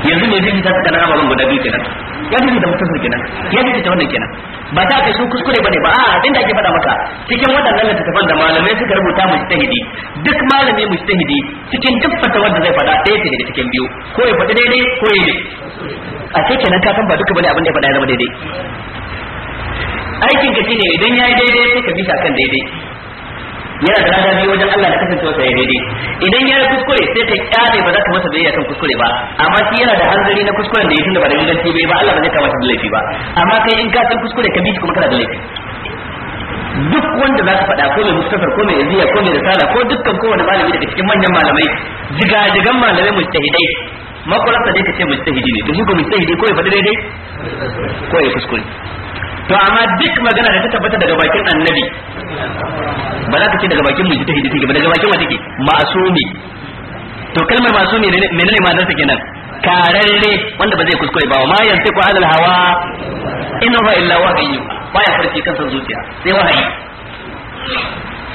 yanzu mai fifita tsakanin ba guda biyu kenan ya da mutum kenan ya ta wannan kenan ba ta kai su kuskure bane ba a abin da ake faɗa maka cikin waɗannan littattafan da malamai suka rubuta mujtahidi duk malami mujtahidi cikin duk fatawar da zai faɗa ɗaya ce daga cikin biyu ko ya faɗi daidai ko ya yi a ce kenan ka san ba duka bane abin da ya faɗa ya zama daidai aikin ka shine idan ya yi daidai sai ka bi shi akan daidai yana da lada biyu wajen Allah da kasancewa sa daidai idan ya yi kuskure sai ta kyale ba za ka masa biyayya kan kuskure ba amma shi yana da hanzari na kuskuren da ya tunda ba da gidan bai ba Allah ba zai kama shi da laifi ba amma kai in ka san kuskure ka bi shi kuma kana da laifi duk wanda za ka faɗa ko mai mustafar ko mai aziya ko mai risala ko dukkan kowane malami daga cikin manyan malamai jigajigan malamai mujtahidai makwararsa dai ka ce mujtahidi ne duk shi ko ko ya faɗi daidai ko ya kuskure to amma duk magana da ta tabbata daga bakin annabi ba za ta ce daga bakin mujtahidi take ba daga bakin wa take masumi to kalmar masumi menene ma zata kenan kararre wanda ba zai kuskure ba ma yanzu ko alal hawa in huwa illa wahyu baya farki kansa zuciya sai wahayi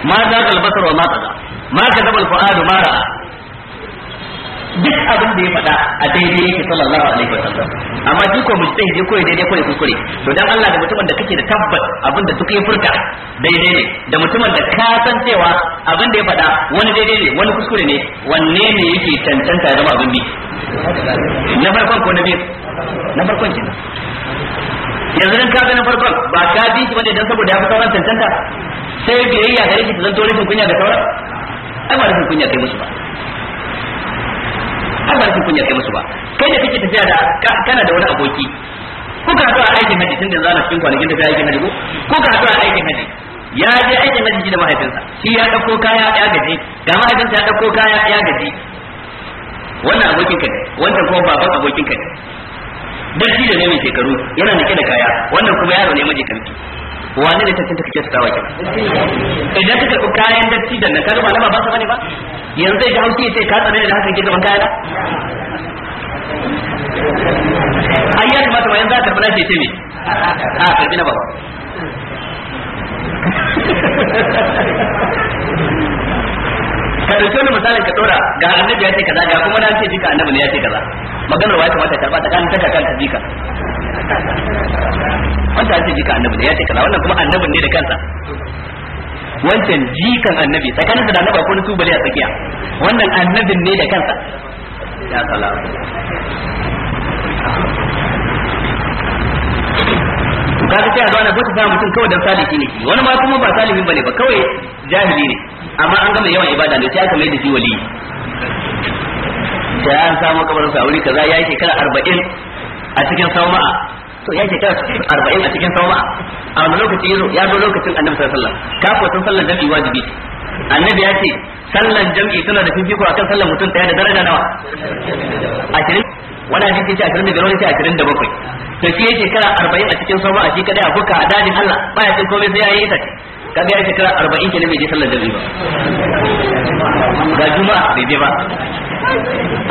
ma za ka albasar wa ma kaza ma ka zabal fuadu ma ra'a duk abin da ya faɗa a daidai yake sallallahu alaihi wasallam amma duk ko mutum ya koyi daidai ko ya kuskure to dan Allah da mutumin da kake da tabbat abin da duk ya furta daidai ne da mutumin da ka san cewa abin da ya faɗa wani daidai ne wani kuskure ne wanne ne yake tantanta ya zama abin bi na farkon ko na biyu na farkon kenan yanzu dan ka ga na farkon ba ka bi shi bane dan saboda ya fi sauran tantanta? sai biyayya ga shi ta zanto rashin kunya da sauran ai ba rashin kunya kai musu ba har ba kunya kai musu ba kai da kake tafiya da kana da wani aboki ko ka haɗu a aikin haji tun da zana cikin kwanakin da ta aikin haji ko ko ka haɗu a aikin haji ya je aikin haji da mahaifinsa shi ya ɗauko kaya ya gaji ga mahaifinsa ya ɗauko kaya ya gaji wannan abokin ka ne wannan kuma baban abokin ka ne dan shi da ne mai shekaru yana nake da kaya wannan kuma yaro ne maje karfi wani ne tantance kake tsawa ke idan ka karɓi kayan datti da na karba na ba sa bane ba yanzu ya hausi ya ce ka tsare da haka ke gaban kayana ai ya kamata ma yanzu ka karɓi nashi ce me a karbi na ba ka dauki wani misalin ka dora ga annabi ya ce kaza ga kuma na ce jika annabi ne ya ce kaza maganar wa ya kamata ta ba ta kan taka kan ta jika wanda ya ce jika annabi ne ya ce kaza wannan kuma annabin ne da kansa wancan jikan annabi tsakanin da annabi ko na tubali a tsakiya wannan annabin ne da kansa ya salam kaga sai a zo ana bata mutum kawai dan salihi ne wani ma kuma ba salihin bane ba kawai jahili ne amma an gama yawan ibada ne sai aka mai da shi wali sai an samu kamar sa wuri kaza yayi shekara 40 a cikin sauma'a to yayi shekara 40 a cikin sauma'a a wannan lokaci yazo ya zo lokacin annabi sallallahu alaihi wasallam kafa tun sallar jami'i wajibi annabi ya ce sallar jami'i tana da fifiko akan sallar mutum daya da daraja nawa 20 wani hadisi ce 25 wani ce 27 to shi yake shekara 40 a cikin sauma'a shi kadai a buka a dadin Allah baya cin komai sai yayi ita kaga ya shekara arba'in kenan bai je sallar jami'i ba ga juma'a bai je ba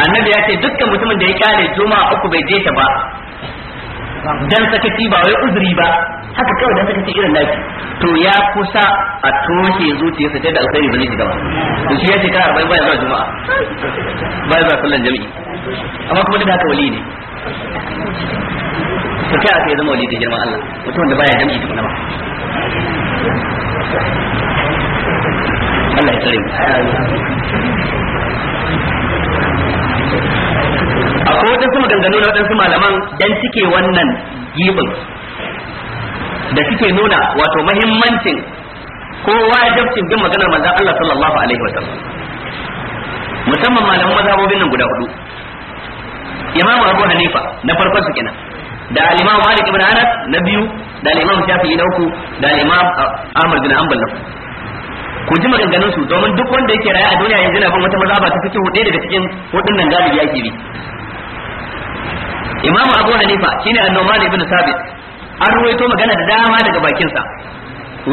annabi ya ce dukkan mutumin da ya kyale juma'a uku bai je ta ba dan sakaci ba wai uzuri ba haka kawai dan sakaci irin laifi to ya kusa a toshe zuciyarsa ta da alkhairi bane zai shiga ba to shi ya shekara arba'in bayan zuwa juma'a baya zuwa sallar jami'i amma kuma da haka wali ne ta kai aka yi zama wali da girman Allah mutum da baya jami'i tukuna ba Allah ya tsare akwai waɗansu maganganu na waɗansu malaman dan suke wannan gibin da suke nuna wato mahimmancin ko wajibcin bin maganar manzon Allah sallallahu alaihi wasallam musamman malaman mazhabobin nan guda hudu Imam Abu Hanifa na farkon su kenan da al-Imam Malik ibn Anas na biyu da al-imam shafi'i na uku da al-imam ah, ahmad bin hanbal ku ji maganganun su domin duk wanda yake raya a duniya yanzu na bin wata mazaba ta fice hudu daga cikin hudun nan galibi yake bi imamu abu hanifa shine an-nu'man ibn sabit an ruwaito magana da dama daga bakinsa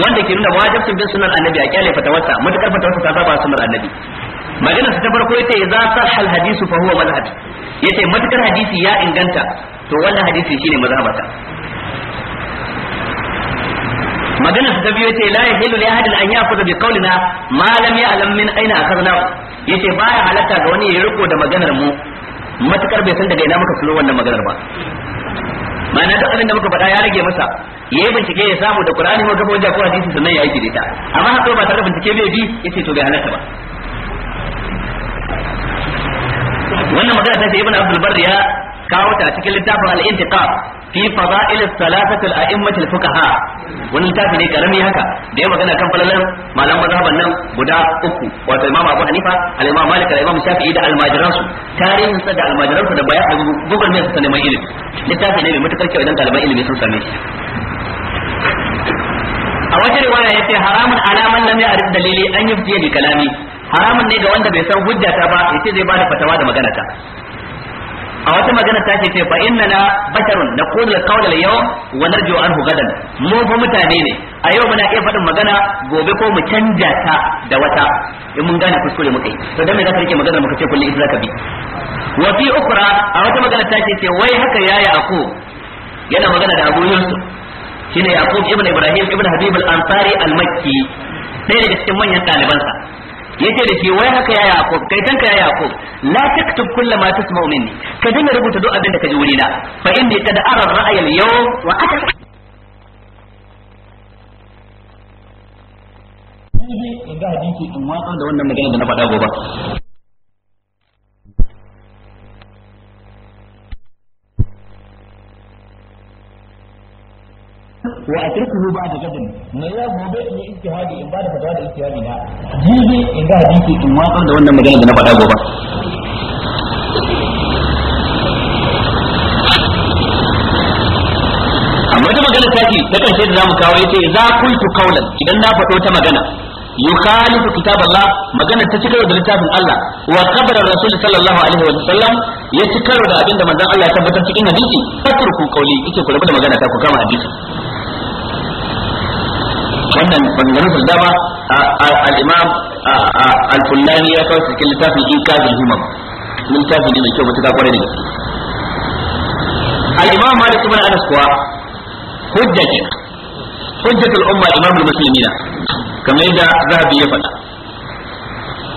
wanda ke nuna wajibcin bin sunan annabi a kyale fatawarsa matakar fatawarsa ta saba sunan annabi maganar ta farko yace za ta hal hadisu fa huwa mazhab yace mutakar hadisi ya inganta to wannan hadisi shine mazhabata magana ta biyu ce la yahilu li ahadin an ya'khudha bi qawlina ma lam ya'lam min aina akhadna yace baya halatta ga wani ya riko da maganar mu matakar bai san daga ina muka tsoro wannan maganar ba ma'ana duk abin da muka faɗa ya rage masa yayi bincike ya samu da Qur'ani ko kafa wajen ko hadisi sannan ya yi da amma haka ba tare da bincike bai bi yace to bai halatta ba wannan magana ta ce ibn Abdul Barr ya kawo ta cikin littafin al-Intiqab fi fada'il salasatil a'immatil fuqaha wannan tafi ne karami haka da ya magana kan falalan malam mazhaban nan guda uku wato imama Abu Hanifa al-Imam Malik al-Imam Shafi'i da almajiran su tarihin sa da almajiran su da bayan da bugun ne mai neman ilimi littafi ne mai matakar kyau idan ɗaliban ilimi sun same shi a wajen riwaya yace haramun alaman a ya'rif dalili an fiye da kalami haramun ne ga wanda bai san hujjata ba yace zai bada fatawa da magana ta a wata magana ta ce fa na basharun na al-qawl da yau wa narju anhu gadan mu fa mutane ne a yau muna iya faɗin magana gobe ko mu canja ta da wata in mun gane kuskure muka yi to dan me ka rike magana muka ce kullu zaka bi wa fi ukra a wata magana ta ce wai haka yaya aku yana magana da Abu Yusuf shine Yaqub ibn Ibrahim ibn Habib al-Ansari al-Makki ɗaya daga cikin manyan ɗalibansa yace da shi wai haka ya yakub kai dan ka ya yakub la taktub kull ma tasma'u minni ka dinga rubuta duk abin da kaji wuri na fa inni qad ara ar-ra'ya al-yawm wa ata in ga hadisi in watsa da wannan magana da na faɗa gobe wa atrukuhu ba'da gadin na ya gobe in ijtihadi in ba da fatawa da ijtihadi na jibi in ga hadisi in watsar da wannan magana da na faɗa gobe amma ta magana ta ce ta karshe da zamu kawo yace ku qultu qawlan idan na faɗo ta magana yukhalifu kitab Allah magana ta cikar da littafin Allah wa qabara rasul sallallahu alaihi wa sallam ya cikar da abinda manzon Allah ya tabbatar cikin hadisi fatruku qawli yake ku rabu da magana ta ku kama hadisi wannan maganganun su dama al-imam al-kullani ya kawo cikin littafin ikazul himam littafi ne mai kyau mutuka kwarai da gaske al-imam malik ibn anas kuwa hujja ce hujjatul umma imam al-muslimina kamar yadda zahabi ya faɗa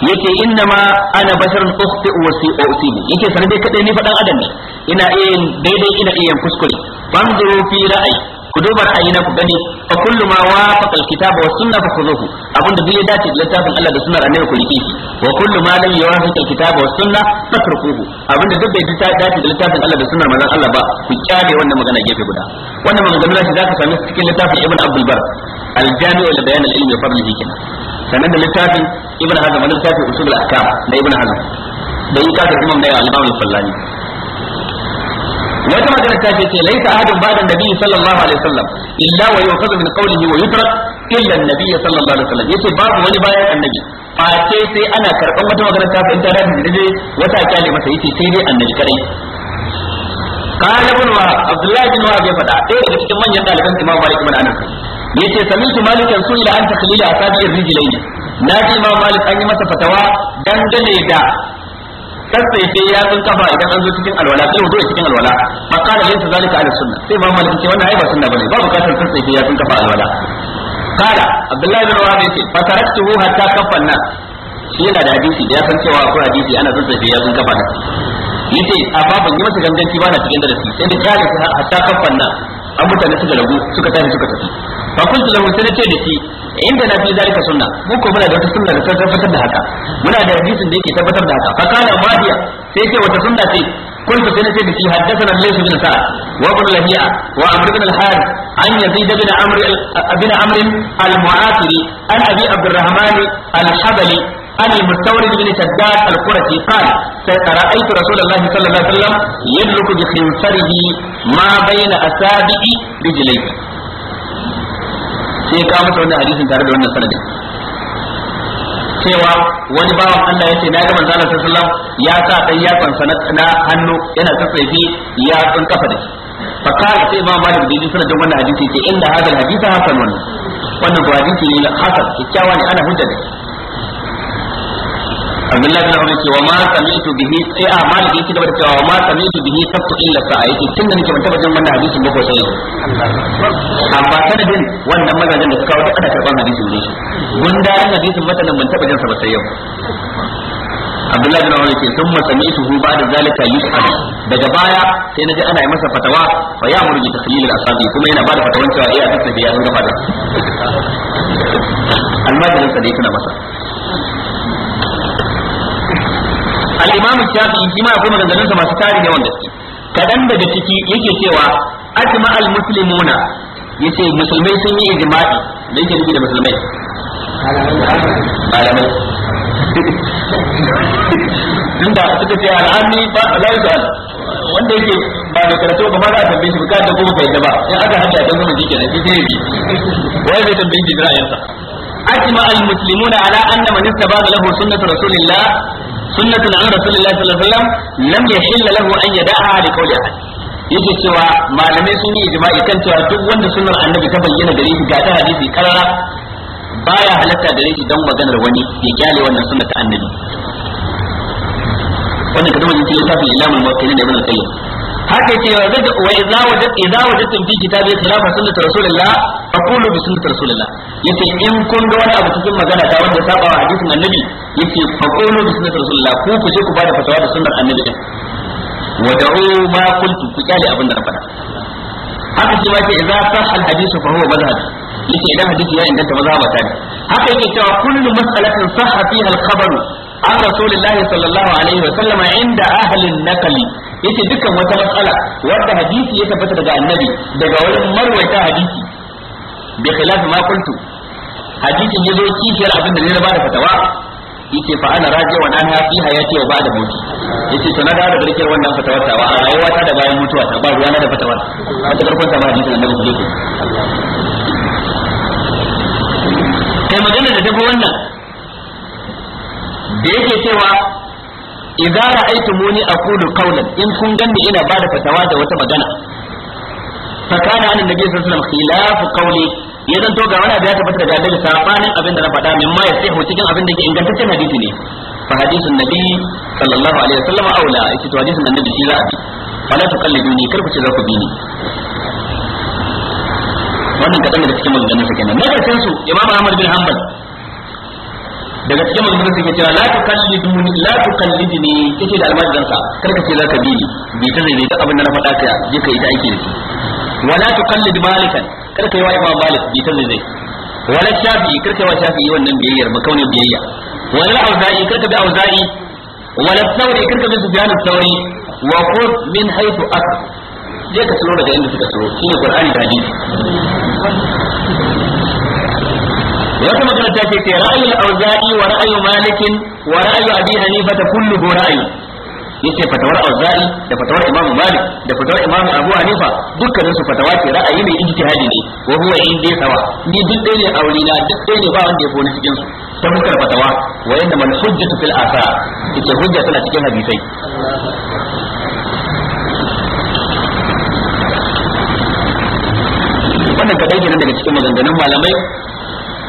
yace inna ma ana basharun ukhti wa usibu yake sanin dai kadai ne fadan adam ne ina iya daidai ina iya kuskure fanzuru fi ra'ayi ku duba ra'ayi na ku gani fa kullu ma wafaqa alkitaba was sunna fa khuduhu abinda duk ya dace da littafin Allah da sunnar annabi ku riki wa kullu ma lam yuwafiq alkitaba was sunna fatrukuhu da duk bai dace da littafin Allah da sunnar manzon Allah ba ku kyale wannan magana gefe guda wannan maganganu na shi zaka same cikin littafin Ibn Abdul Bar al-Jami' li bayan al-ilmi wa fadlihi kenan sannan da littafin Ibn Hazm da littafin Usul al-Ahkam da Ibn Hazm da yi kafin imam da al-Imam al-Fallani wata magana ta ce ce laisa ahadun ba'da nabi sallallahu alaihi wasallam illa wa yukhadhu min qawlihi wa yutrak illa an-nabiy sallallahu alaihi wasallam yace babu wani bayan annabi face sai ana karban wata magana ta fa inta rabbi da wata kyale masa yace sai dai annabi kadai قال ابن وهب عبد الله بن وهب يفدا ايه daga cikin manyan daliban Imam Malik bin Anas yace sami'tu malikan su'ila an takhlila asabi ar-rijlayn na ji Imam Malik an yi masa fatawa dangane da ya yatsun kafa idan an zo cikin alwala sai wudu cikin alwala fa qala yin zalika ala sunna sai ba malik ce wannan ai ba sunna bane ba bukatar ya yatsun kafa alwala Kala abdullahi bin wahab ce fa taraktuhu hatta kaffan shi yana da hadisi da ya san cewa akwai hadisi ana ya yatsun kafa da yace amma ban yi masa ganganci ba na cikin darasi sai da kala hatta kaffan an mutane suka rabu suka tafi suka tafi fa kuntu lahu sai ce da shi inda na fi zalika sunna mu ko muna da wata sunna da ta tabbatar da haka muna da hadisin da yake tabbatar da haka fa kana madiya sai ce wata sunna ce كنت سنة في حدثنا الليث بن سعد وابن لهيعة وعمرو بن الحارث عن يزيد بن عمرو بن عمرو المعافري عن ابي عبد الرحمن الحبلي عن المستورد بن شداد القرشي قال رأيت رسول الله صلى الله عليه وسلم يدلك بخنصره ما بين أصابع رجليه sai ka masa wannan hadisin tare da wannan sanadin cewa wani bawan Allah ya ce na ga manzon Allah sallallahu ya sa dan yatsan na hannu yana tsafafi ya kan kafa da shi fa kai sai ba Malik da yusuf da wannan hadisi ce inda hadal hadisi hasan wannan wannan hadisi ne hasan kikkiawa ne ana hujja da shi Abdullahi bin Umar ce wa ma sami'tu bihi sai a malik yake da cewa wa ma sami'tu bihi taftu illa sa'a yake tun da nake mutaba taba jin wannan hadisin ba ko sai amma sanadin wannan magajin da suka kawo da karban hadisin ne shi an hadisin matalan mun taba jin sa ba sai yau Abdullahi bin Umar ce sun samitu hu ba da zalika yus'al daga baya sai naji ana masa fatawa fa ya murji tahlil al-asabi kuma yana ba da fatawan cewa eh a tsaye ya zo da fada almajirin sa dai tana masa al-imamu shafi'i shi ma akwai maganganun sa masu tarihi yawan gaske kadan daga ciki yake cewa ajma al-muslimuna yace musulmai sun yi ijma'i da yake nufi da musulmai malamai tunda suka ce al'ami ba la yusal wanda yake ba da karatu ba ma za a tambaye shi bukatar ko bai fahimta ba in aka hada da zama jike ne shi sai yi wai zai tambaye shi ra'ayinsa ajma al-muslimuna ala anna man istabaga lahu sunnatu rasulillah sunnatun an rasulullahi sallallahu alaihi wasallam lam yahill lahu an yada'aha li qawli ahad yake cewa malamai sun yi ijma'i kan cewa duk wanda sunnar annabi ta bayyana gare shi ga ta hadisi karara baya halatta gare shi dan maganar wani ya kyale wannan sunnar ta annabi wannan kadan wani littafin ilamul muwakkalin da ibn al haka ce wa zai wa idza wajad idza wajadtum fi kitabi khilafa sunnati rasulillah faqulu bi sunnati rasulillah yace in kun ga wani abu cikin magana ta wanda saba wa hadisin annabi yace faqulu bi sunnati rasulillah ku ku je ku bada fatawa da sunnar annabi din wa da'u ma qultu ku kyale abin da na faɗa haka ce ma ce idza sahha al-hadithu fa huwa mazhab yace idan hadisi ya inganta mazhaba ta ne haka yake cewa kullu mas'alatin sahha fiha al-khabaru an rasulillahi sallallahu alaihi wa sallama inda ahli an-naqli yace dukkan wata matsala Wanda hadisi ya tabbata daga annabi daga wurin marwaita hadisi bi khilaf ma qultu hadisin zo kishiyar abin da ne na bada fatawa yace fa ana wa dan hafi hayati wa ba'da mutu yace to na da barkar wannan fatawar ta a ta da bayan mutuwa ta ba ruwana da fatawar wata farkon ta ba hadisin annabi ku ku kai magana da dafa wannan da yake cewa idza ra'aytumuni aqulu qawlan in kun ganni ina bada fatawa da wata magana fa kana annabi sallallahu alaihi wasallam khilafu qawli ya to ga wani abu ya tabbata daga annabi sabanin abin da na faɗa min ma ya sahihu cikin abin da ke ingantaccen hadisi ne fa hadisun nabi sallallahu alaihi wasallam aula yace to hadisin annabi shi za a bi wala tuqalliduni kar ku ce za ku bi ni wannan kadan daga cikin maganganun sa kenan na karshen su imam ahmad bin hanbal daga cikin manzon sai ke cewa la kalli la tukallidni kalli da almajiran da kar ka ce zaka bi ni bi ta zai ta abin da na faɗa ka je ka yi ta aiki da shi kalli tukallid malikan kar ka yi wa imam malik bi ta zai wala shafi kar ka yi wa shafi'i wannan biyayyar ba kaunin biyayya wala auza'i kar ka bi auza'i wala sauri kar ka bi sufyan sauri wa khudh min haythu akh je ka tsoro daga inda suka tsoro shine qur'ani da hadisi wata magana ta ce ce ra'ayul auza'i wa ra'ayu malikin wa ra'ayu abi hanifa ta kulluhu ra'ayu yace fatawar auza'i da fatawar imam malik da fatawar imam abu hanifa dukkanin su fatawa ce ra'ayi ne ijtihadi ne wa huwa indi sawa ni duk dai ne aure na duk dai ne ba wanda ya fona cikin su ta mukar fatawa wa inda man hujjatu fil asar yace hujja tana cikin hadisai wannan kadai kenan daga cikin maganganun malamai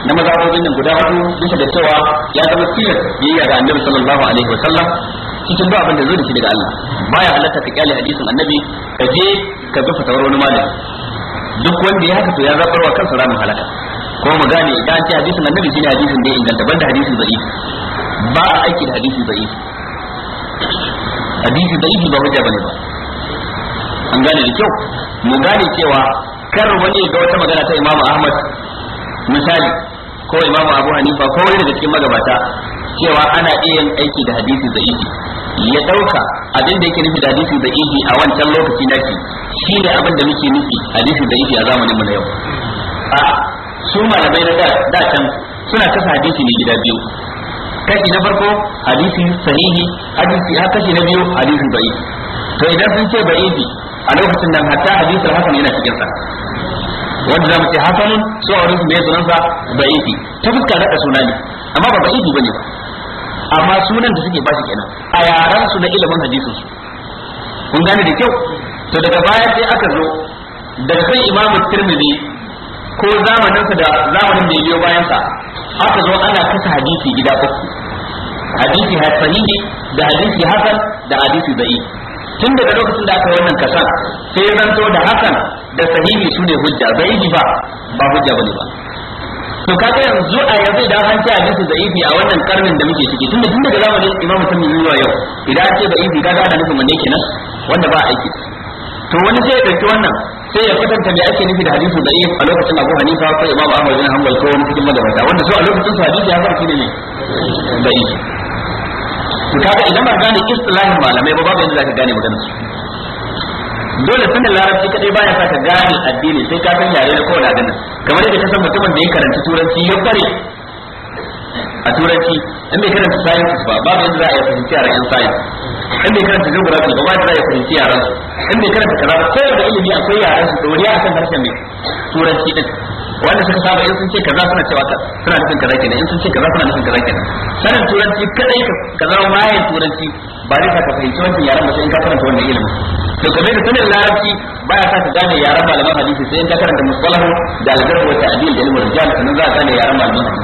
na mazhabobin nan guda hudu bisa da cewa ya zama ya biyayya ga annabi sallallahu alaihi wa sallam. cikin ba abin da zo da shi daga Allah baya halatta ka kyale hadisin annabi ka je ka bi fatawar wani malam duk wanda ya haka to ya zabar wa kansa ranar halaka Kuma mu gane idan an ce hadisin annabi shine hadisin da ya inganta banda hadisin zai ba a aiki da hadisin zai hadisi da'if ba hujja bane ba an gane da kyau mu gane cewa kar wani ga wata magana ta Imam Ahmad misali ko imam abu hanifa ko wani daga cikin magabata cewa ana iya yin aiki da hadisi ihi ya dauka abin da yake nufi da hadisi ihi a wancan lokaci shi shine abin da muke nufi hadisi ihi a zamanin mu na yau a su malamai na da can suna kasa hadisi ne gida biyu kashi na farko hadisi sahihi hadisi har kashi na biyu hadisi da'ifi to idan sun ce da'ifi a lokacin nan hatta hadisin hasan yana cikin sa wanda zamu ce hasanun su a wurin su ne sunansa da'ifi ta fuska rada suna ne amma ba ba bane ba amma sunan da suke bashi kenan a yaran su na ilimin hadisi su kun gane da kyau to daga baya sai aka zo daga kan imamu tirmidhi ko zamanin sa da zamanin da biyo bayan sa aka zo ana kasa hadisi gida uku hadisi sahihi da hadisi hasan da hadisi da'i tun daga lokacin da aka wannan kasa sai ya zanto da hasan da sahihi su ne hujja zaifi ba ba hujja bane ba to kaga yanzu a yanzu idan an ce hadisi zaifi a wannan karnin da muke ciki tunda tun daga zamanin imamu sami zuwa yau idan an ce zaifi kaga ana nufin wanne kenan wanda ba aiki to wani sai ya dauki wannan sai ya kwatanta me ake nufi da hadisi zaifi a lokacin Abu Hanifa ko Imam Ahmad bin Hanbal ko wani cikin magabata wanda su a lokacin su hadisi ya farki ne da'if to kaga idan ba gane istilahin malamai ba babu yadda zaka gane maganar su dole sanin larabci kadai baya sa ka gane addini sai ka san yare na kowane adana kamar yadda ka san mutumin da ya karanta turanci ya kware a turanci in bai karanta sciences ba babu yadda za a yi fahimci yaran rayuwar science in bai karanta geography ba babu yadda za a yi fahimci yaran su in bai karanta kaza ba da ilimi akwai yaran su ya san harshen mai turanci din wanda suka saba in sun ce kaza suna cewa ka suna nufin kaza kenan in sun ce kaza suna nufin kaza kenan sanin turanci kadai ka zama mayan turanci ba zai ka fahimci wancan yaran ba sai in ka karanta wannan ilimin to game da sanin larabci baya sa ka gane yaran malaman hadisi sai in ka karanta musalahu da algarba wata ta'dil da ilmul rijal sannan za ka gane yaran malaman hadisi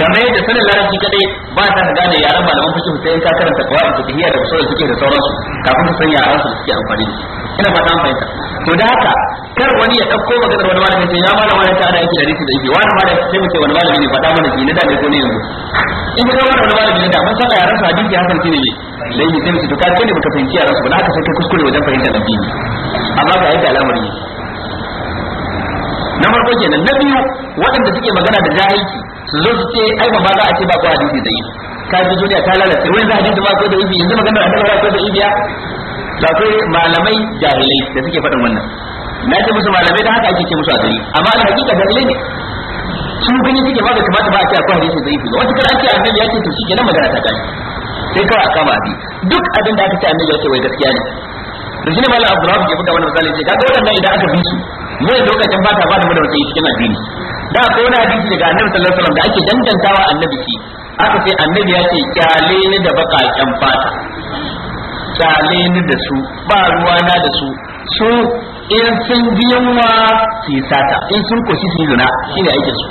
kamar da sanin larabci kadai ba sa ka gane yaran malaman fiqh sai in ka karanta qawaid fiqhiyya da usul fiqh da sauransu kafin ka san yaran su suke amfani da ina fata an fahimta to da haka kar wani ya dauko maganar wani malami sai ya malama da ta'ada yake da riki da yake wani malami sai mu ce wani malami ne faɗa mana shi na da ne ko ne yanzu in ka ga wani malami ne da mun san yaran su hadisi hasan shine ne sai yi sai to ka kai ne baka fahimci yaran su ba haka sai kai kuskure wajen fahimtar addini amma ga yadda al'amari na farko kenan na biyu waɗanda suke magana da jahilci su zo su ce ai ba za a ce ba ko hadisi da yi ka ji duniya ta lalace wai za hadisi ba ko da ibi yanzu maganar annabi ba ko da ibiya to akwai malamai jahilai da suke faɗin wannan na ce musu malamai da haka ake ce musu a amma da hakika jahilai ne sun gani suke ba da kamata ba a ce akwai hadisi da ibi wata kar ce annabi ya ce to shi kenan magana ta kai sai kawai a kama abi duk abin da aka ce annabi ya ce wai gaskiya ne da shi ne malam abdurrahman ke buga wani misali ce kaga wannan idan aka bi su mu ne lokacin ba ta ba da mu da wace cikin addini da akwai wani hadisi daga annabi sallallahu alaihi wasallam da ake dangantawa annabi shi aka ce annabi ya ce kyale ni da bakaken fata kyale ni da su ba na da su su in sun biyan yunwa su yi sata in sun koshi su yi zina shine aikin su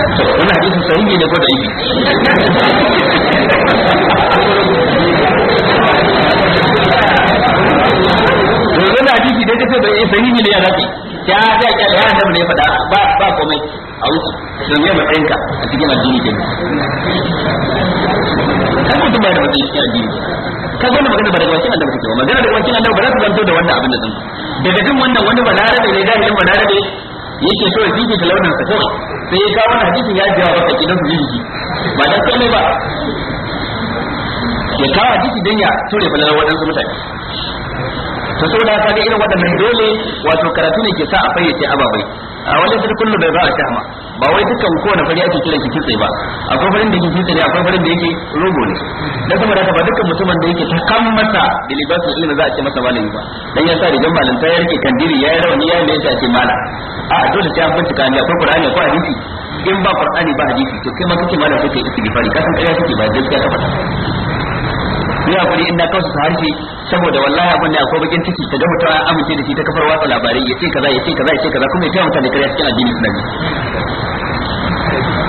wannan hadisin sahihi ne ko da ibi wannan hadisi dai kace bai sahihi ne ya zabi ya ta ya ya da ne fada ba ba komai a wuce matsayin ka a cikin addini ke kan da matsayi cikin addini ka zo magana ba daga ba magana ba za zanto da wannan abin da zan daga wannan wani ne yake so ya launin sa kawai sai ya wannan hadisin ya jira ba kake dan su yi ba dan kai ba ya kawo hadisi dan ya ture na waɗansu mutane to saboda ka ga irin waɗannan dole wato karatu ne ke sa a fayyace ababai a wani sai kullu bai ba a shahma ba wai dukkan kowane fari ake kiran shi kitse ba akwai farin da yake kitse ne akwai farin da yake rogo ne da kuma da ba dukkan mutumin da yake kammata da libasin ilimin za a ce masa malami ba dan ya sa rigan malanta ya rike kandiri ya rauni ya mai sai ce mala a dole sai an bincika ne akwai qur'ani akwai hadisi in ba qur'ani ba hadisi to kai ma kake mala kake istighfari kasan kai kariya kake ba gaskiya ka faɗa biya kuɗi hakuri in na kausa harshe saboda wallahi abin da akwai bakin ciki ta ga mutum ya amince da shi ta kafar watsa labarai ya ce kaza ya ce kaza ya ce kaza kuma ya ce mutane kare cikin addini suna islami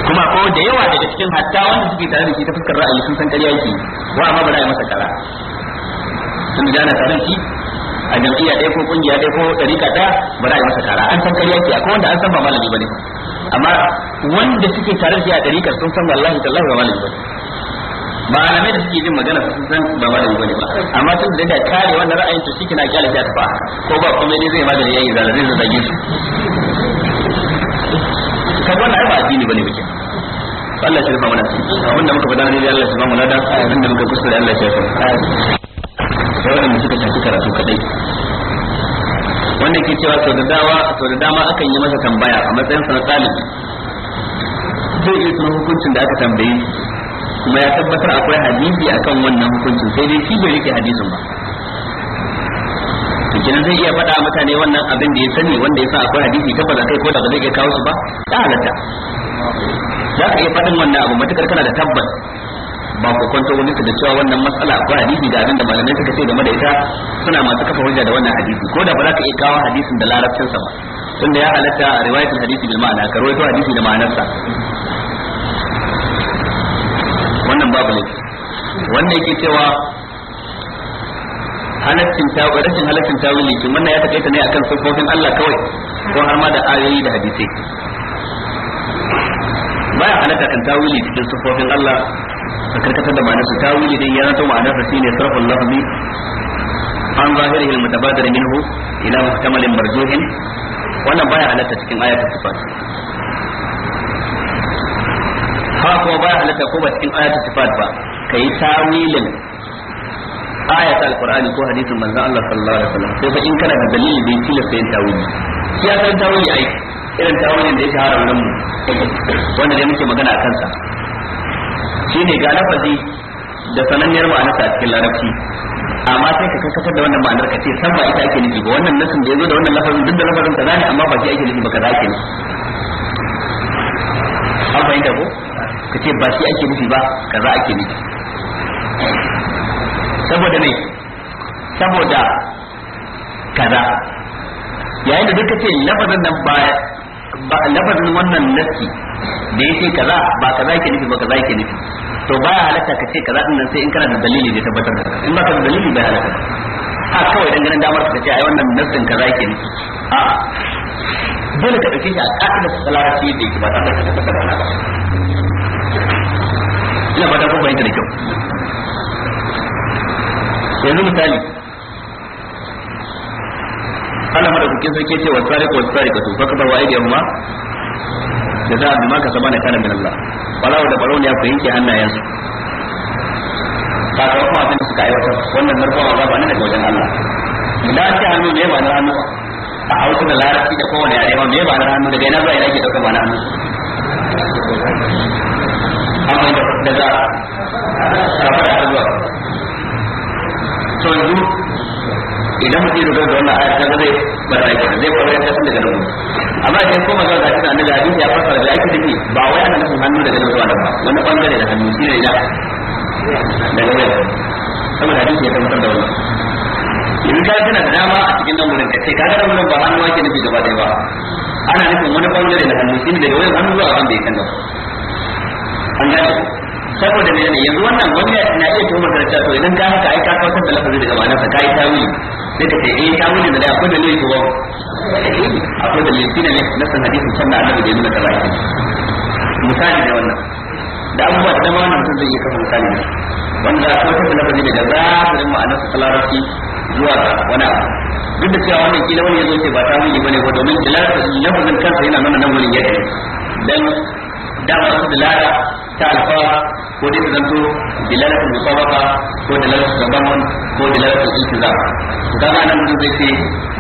kuma ko da yawa daga cikin hatta wanda suke tare da shi ta fuskar ra'ayi sun san kariya yake wa amma ba za a yi masa kara sun da ana tare shi a jam'iyya ɗaya ko kungiya ɗaya ko ɗarika ɗaya ba za a yi masa kara an san kariya yake akwai wanda an san ba malami ba ne amma wanda suke tare da shi a ɗarikar sun san wallahi tallahi ba malami ba ne malamai da suke jin magana sun san ba malami bane ba amma tun da kare wannan ra'ayin to shike na kyale ta tafa ko ba kuma ne zai magana yayi zalla zai zage su kan wannan ai ba addini bane bikin Allah shi rufa mana abinda muka faɗa ne Allah shi ba mu lada da muka da Allah shi ya san sai wanda suka shafi karatu kadai wanda ke cewa sau da dawa sau da dama akan yi masa tambaya a matsayin sa na zai iya tunan hukuncin da aka tambaye kuma ya tabbatar akwai hadisi akan wannan hukunci sai dai shi bai rike hadisin ba to zai iya faɗa mutane wannan abin da ya sani wanda ya sa akwai hadisi tabbas akai ko da ba zai iya kawo su ba da halatta za ka iya faɗin wannan abu matukar kana da tabbas ba ku kwanto wani da cewa wannan matsala akwai hadisi da abin da malamai suka ce game da ita suna masu kafa hujja da wannan hadisi ko da ba za ka iya kawo hadisin da larabcinsa ba tunda ya halatta riwayatul hadisi bil ma'ana ka rawaito hadisi da ma'anarsa wannan babu laifi wannan yake cewa halaccin tawo rashin halaccin tawo ne kuma ya takaita ne akan sifofin Allah kawai ko har ma da ayoyi da hadisai baya halaka kan tawili cikin sifofin Allah a karkatar da ma'anarsa tawili dai ya zanto ne shine allah lafzi an zahirihi mutabadir minhu ila muhtamalin marjuhin wannan baya halaka cikin ayatul sifat ha kuma baya halatta ko ba cikin ayatu sifat ba kai tawilin ayat alqur'ani ko hadisin manzon Allah sallallahu alaihi wasallam sai fa in kana da dalili bai yake sai tawili shi ya san tawili ai irin tawilin da ya shahara wurin mu wanda dai muke magana akan sa shine ga lafazi da sananniyar ma'anar ta cikin larabci amma sai ka kakkatar da wannan ma'anar ka ce san ba ita ake nufi ba wannan nasin da ya zo da wannan lafazin duk da lafazin kaza zane amma ba shi ake nufi ba kaza ake nufi an fahimta ko ka ce ba shi ake nufi ba kaza ake nufi saboda ne saboda kaza yayin da duka ce lafazin nan ba lafazin wannan nassi da yake kaza ba kaza yake nufi ba kaza yake nufi to baya halatta ka ce kaza din nan sai in kana da dalili da tabbatar da in ba ka da dalili ya halatta a kawai dan ganin damar ka ce ai wannan nassin kaza yake nufi a dole ka dauke shi a da salarati da yake ba tare da ka ba ina fata da kuma bayyana da kyau yanzu misali Allah madaukakin sarki ce wa sariqa wa da fakaba wa aydihuma jaza'a bima kasabana kana min Allah balawa da ne ya fahimci hannayensu sakamakon abin da suka aiwatar wannan ba ba ne daga wajen Allah idan an ce hannu me ba na hannu a hausa da larabci da kowane yare ma me ba na hannu daga ina zuwa ina ke dauka ba na hannu amma da da za ka fara ta to yanzu idan mutum ya dogara wannan ayar ta zai bada yake zai kwarar ta daga nan amma da ko magana da ta annabi hadisi ya fasara da yake dake ba wai ana nufin hannu daga nan zuwa nan ba wani bangare da hannu shine ila daga nan saboda hadisi ya tabbatar da wannan yanzu ka tana da dama a cikin nan wurin ka ce ka ga nan ba hannu ake nufi gaba ɗaya ba ana nufin wani bangare da hannu shine daga wani hannu zuwa abin da ya an gane saboda me yanzu wannan wani na iya tuhumar da to idan ka haka ai ka kautar da lafazi daga ma'anarsa kai tawili sai ka ce eh tawili da akwai dalili ko akwai dalili shine ne na san hadisin sannan annabi da ya nuna kaza misali da wannan da abubuwa da dama wannan mutum zai iya kafa misali ne wanda za a kautar da lafazi daga zahirin ma'anarsa ta larabci zuwa ga wani abu duk da cewa wannan kila wani ya zo ce ba tawili bane ko domin da lafazin kansa yana nuna nan wurin yadda dan dama su da lara ta alfara ko dai ta zanto dilalatul musabaqa ko dilalatul tadammun ko dilalatul iltizam to kaga anan zai ce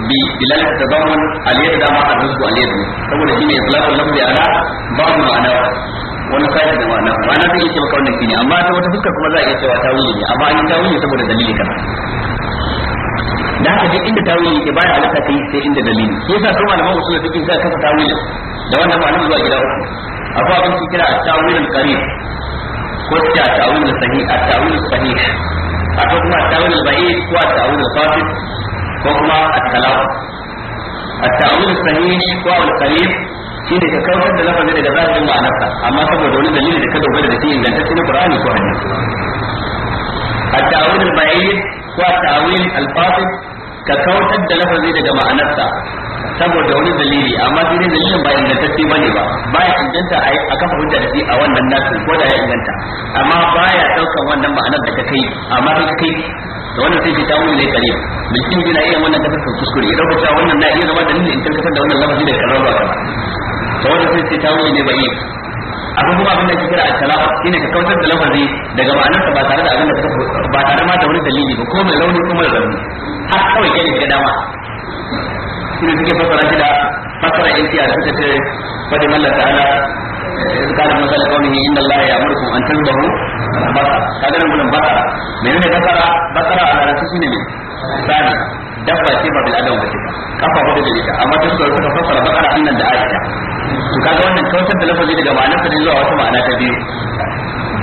bi dilalatul tadammun aliyar da ma arzuku aliyar saboda shine islahul lafzi ala babu ma'ana wani fa'ida da ma'ana ma'ana zai iya maka wannan shine amma ta wata fuskar kuma za a iya cewa ta wuce ne amma an ta saboda dalili kaza da haka duk inda tawili ke baya halatta kai sai inda dalili shi yasa su malaman usul fiqh suka kafa tawilin da wannan ma'anar zuwa gida uku akwai abin su kira at-tawilul qarib ko at-tawilul kuma at ko at ko kuma at-talaq ko al-qarib shi ne ka kawar da lafazin daga zahirin ma'anarsa amma saboda wani dalili da ka dogara da shi ingantacce na Qur'ani ko hadisi at-tawilul ba'id ko ka kautar da lafazi daga ma'anarsa saboda wani dalili amma sai dalilin ba ingantacce bane ba baya inganta a kafa hujja da shi a wannan nasu ko da ya inganta amma baya daukan wannan ma'anar da ka kai amma sai ka kai da wannan sai ka tawo ne kare mutum na iya wannan tafsirin kuskure idan ka tawo wannan na iya zama dalilin in karkatar da wannan lafazi da karar ba to wannan sai ka tawo ne bai akwai kuma abin da ke kira al-talaq shine ka kawar da lafazi daga ma'anarsa ba tare da abin da ba tare ma da wani dalili ba ko mai rauni ko mai rauni har kawai dama suke fasara shi da fasara intiya da suka ce fadi mallar ta'ala eh, kada musa kawai inda Allah ya amurku an basa kada nan gudun basa basara basara a larabci shine ne sani dabba ce ba bil adam ba ce kafa hudu da ita amma duk suka fasara basara annan da Aisha to kaga wannan kautar da lafazi daga ma'anar sa zuwa wata ma'ana ta biyu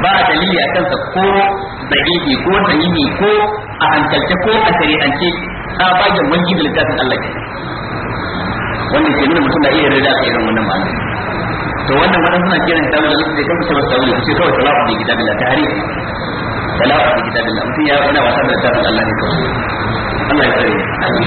ba dalili a kansa ko sahihi ko sahihi ko a hankalce ko a shari'ance tsabagen wanki da littafin Allah ke wannan ke nuna mutum da iya rida a irin wannan ma'ana to wannan wannan suna kiran da da lissafi kan sabar wasu wuri sai kawai talaqu bi kitabillah tahrif talaqu bi kitabillah mutum ya yana wasa da littafin Allah ne to Allah ya tsare amin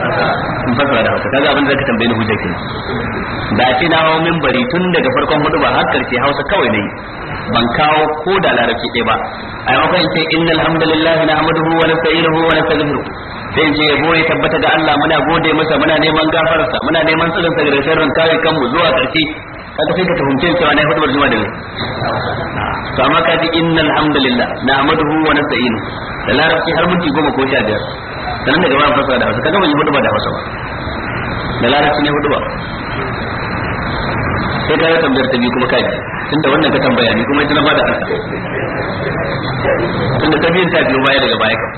in fasara da hausa kaga abin da zaka tambaye ni hujja kenan da ce na hawo minbari tun daga farkon hudu ba har karshe hausa kawai nayi ban kawo ko da larabci ɗaya ba a maimakon ce innal hamdalillahi nahmaduhu wa nasta'inuhu wa nastaghfiruh sai in ce yabo ya tabbata ga Allah muna gode masa muna neman gafararsa muna neman tsirin sa daga sharrin kare kanmu zuwa karshe kaga sai ka tuhumce cewa na hudu juma'a da ne to amma ka ji innal hamdalillah nahmaduhu wa nasta'inuhu da larabci har minti goma ko sha biyar sannan daga bayan fasa da hausa kaga ban yi hudu ba da hausa ba da larabci ne hudu ba sai ka yi tambayar ta biyu kuma ka ji tunda wannan ka tambaya ne kuma ita na bada ansa tunda ta biyun ta biyu baya daga baya ka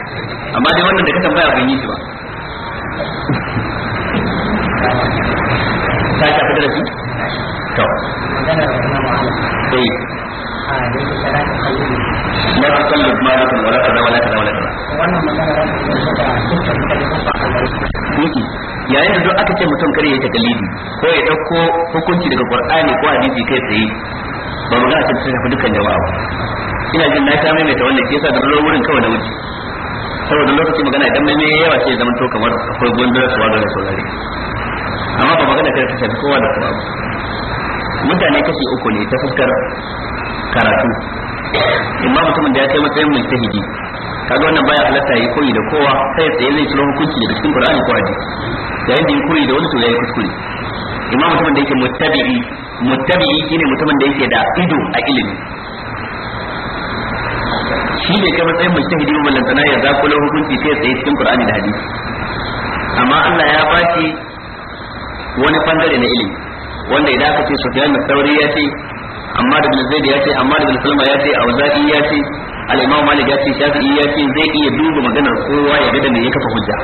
amma dai wannan da ka tambaya ban yi shi ba ta shafi darasi to eh ولا كذا ولا كذا ولا كذا yayin da duk aka ce mutum kare ya ta kalidi ko ya dauko hukunci daga qur'ani ko hadisi kai tsaye ba mu ga ta tafi dukkan jama'a ina jin na ta wannan kisa da ruwan wurin kawai da wuce saboda lokacin magana idan mai yawa sai zaman to kamar akwai gondar suwa da saurare amma ba magana kai ta shafi kowa da kowa mutane kashi uku ne ta fuskar karatu imma mutumin da ya kai matsayin mujtahidi kaga wannan baya halatta yi koyi da kowa sai tsaye zai ciro hukunci da cikin Qur'ani ko hadisi yayin da yi koyi da wani to yayi kuskure imma mutumin da yake muttabi'i muttabi'i shine mutumin da yake da ido a ilimi shi ne kai matsayin mujtahidi mun lantana ya zakulo hukunci sai tsaye cikin Qur'ani da hadisi amma Allah ya bashi wani bangare na ilimi wanda idan aka ce Sufyan al-Thawri ya ce amma da bin zaid ya ce amma da bin salma ya ce auza'i ya ce al-imam malik ya ce shafi'i ya ce zai iya duba maganar kowa ya gada da me ya kafa hujja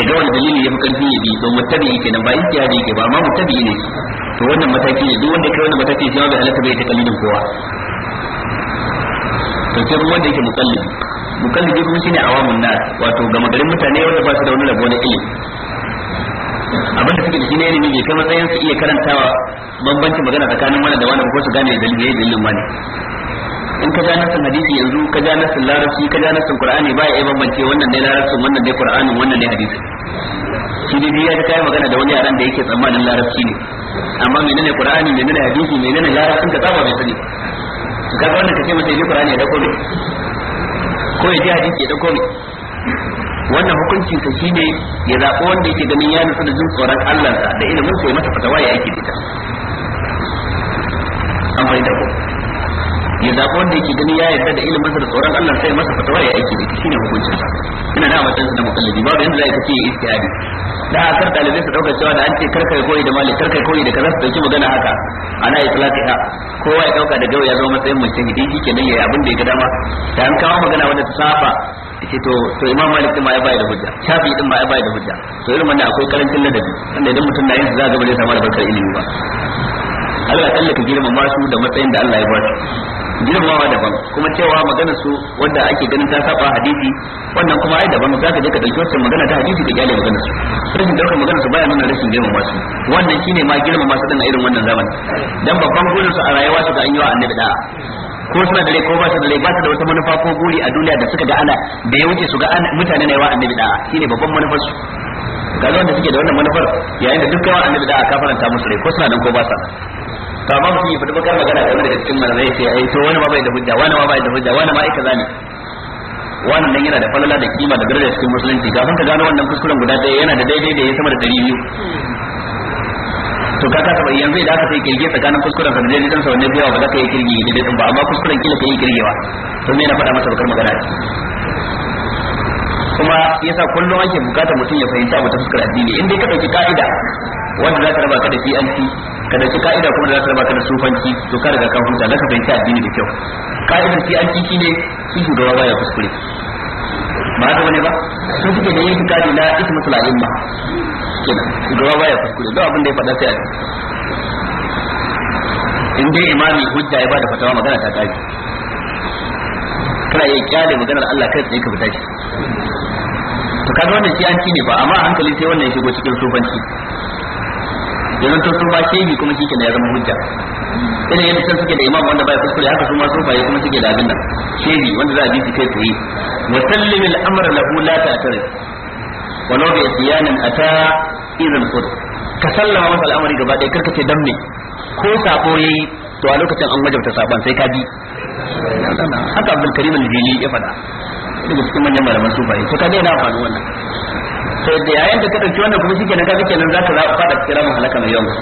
ya ga wani dalili ya fi karfi ya bi don mutabi'i kenan ba yake ya ke ba amma mutabi'i ne to wannan mataki ne duk wanda kai wannan mataki shi wanda halatta bai ta kalidin kowa to sai kuma wanda yake mukallid mukallid kuma shine awamun nas wato gama garin mutane wanda ba su da wani rabo na ilimi abinda suke da shi ne ilimi kai matsayin su iya karantawa bambanci magana tsakanin mana da wani ko su gane dalilai dalilin wani in ka gane san hadisi yanzu ka gane san larabci ka gane san qur'ani ba ya bambance wannan ne larabci wannan ne qur'ani wannan ne hadisi shi ne ya ta kai magana da wani yaran da yake tsammanin larabci ne amma menene qur'ani menene hadisi menene larabci ka tsaba bai sani ka ga wannan kace masa ne qur'ani da ko ne ko ya ji hadisi ya dauko ne wannan hukuncin sa shine ya zaɓi wanda yake ganin ya nufi da jin tsoron Allah sa da ilimin sa ya masa fatawa ya yake bita an fahimta ko ya zaɓi wanda yake ganin ya yarda da ilimin sa da tsoron Allah sa ya masa fatawa ya yake bita shine hukuncin sa ina da matsayin sa da mukallabi babu yanda zai ka ce istihadi da asar dalibai su dauka cewa da an ce karkai koyi da mali karkai koyi da kaza su dauki magana haka ana talaka ha kowa ya dauka da gawa ya zama matsayin mutum idan yake nan yayi abin da ya ga dama da an kawo magana wanda ta saba yace to to imam malik din ma ya bai da hujja shafi din ma ya bai da hujja to irin wannan akwai karancin ladabi wanda idan mutum na yin za ga ba zai samu albarkar ilimi ba Allah ya tallaka girmama su da matsayin da Allah ya ba su girmamawa daban kuma cewa magana su wanda ake ganin ta saba hadisi wannan kuma ai daban zaka je ka dauki wacce magana ta hadisi da gyale magana su rashin daukar magana su baya nuna rashin girmama su wannan shine ma girmama su din a irin wannan zaman dan babban gurin su a rayuwa su ga an yi wa annabi da'a ko suna da rai ko ba su da rai ba su da wata manufa ko guri a duniya da suka ga ana da ya wuce su ga mutane na yawa annabi da'a shine babban manufar su ga wanda suke da wannan manufar yayin da dukkan annabi da'a ka faranta musu rai ko suna nan ko ba sa to ba su yi fita bakar magana game da cikin malamai sai ai to wani ma bai da hujja wani ma bai da hujja wani ma ai kaza ne wannan nan yana da falala da kima da daraja cikin musulunci kafin ka gano wannan kuskuren guda ɗaya yana da daidai da ya sama da ɗari biyu to ka kasa bai yanzu idan aka sai kirge tsakanin kuskuren sa da daidai dan sawanne biyawa ba za ka yi kirge da dai ba amma kuskuren kila kai yi kirgewa to me na faɗa masa bakar magana kuma yasa kullum ake bukatar mutum ya fahimta mutum ta fuskar addini in dai ka dauki ka'ida wanda za ta raba ka da fi'anci ka dauki ka'ida kuma za ta raba ka da sufanci to ka riga ka huta za ka fahimta addini da kyau ka'idar fi'anci shine shi shugaba ya kuskure ba haka bane ba sun suke da yin fikari na ita masala ba kenan gaba baya kuskure don abin da ya faɗa sai a in dai imami hujja ya ba da fatawa magana ta kare kana iya kyale maganar Allah kai tsaye ka fita shi to kaga wannan shi an ne ba amma hankali sai wannan ya shigo cikin sufanci yanzu to sun ba shehi kuma shi ya zama hujja ina yadda sun suke da imam wanda bai kuskure haka su ma sufaye kuma suke da abin nan shehi wanda za a bi su kai tsaye wa sallimi al'amr lahu la ta ta'tari wa law bi isyanin ata idan khud ka sallama masa al'amari gaba ɗaya karkace dan ne ko sako yayi to a lokacin an wajabta saban sai ka bi haka abdul karim al-jili ya faɗa daga cikin manyan malaman sufaye to ka daina faɗo wannan sai da yayin da ka ɗauki wannan kuma shi ke nan kaga kenan za ka fada kira mu halaka mai yawa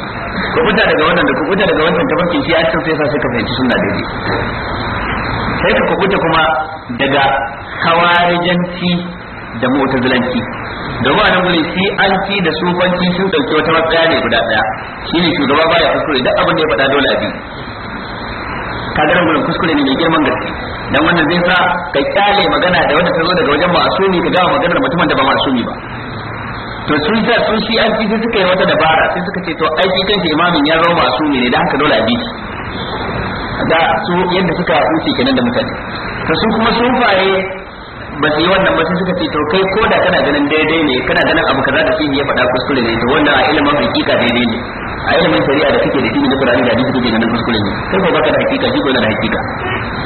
ku fita daga wannan da ku fita daga wannan tafarkin shi a cikin sai sai ka fahimci sunna daidai sai ka kubuta kuma daga kawarijanci da mu'tazilanci domin anan gurin shi an ci da sufanci sun ɗauki wata matsaya ne guda Shi shine shugaba baya kuskure duk abin da ya faɗa dole a bi ka nan gurin kuskure ne mai girman gaske dan wannan zai sa ka kyale magana da wanda ta zo daga wajen ma'asumi ka gama maganar mutumin da ba ma'asumi ba to sun sa sun shi an fi suka yi wata dabara sai suka ce to ai shi kanshi imamin ya zama ma'asumi ne dan haka dole a bi da su yadda suka huce kenan da mutane to su kuma sun faye ba su yi wannan ba sai suka ce to kai ko da kana ganin daidai ne kana ganin abu kaza da shi ya faɗa kuskure ne to wannan a ilimin hakika daidai ne a ilimin shari'a da kake da shi da Qur'ani da hadisi kake ganin kuskure ne kai ko baka da hakika shi ko da hakika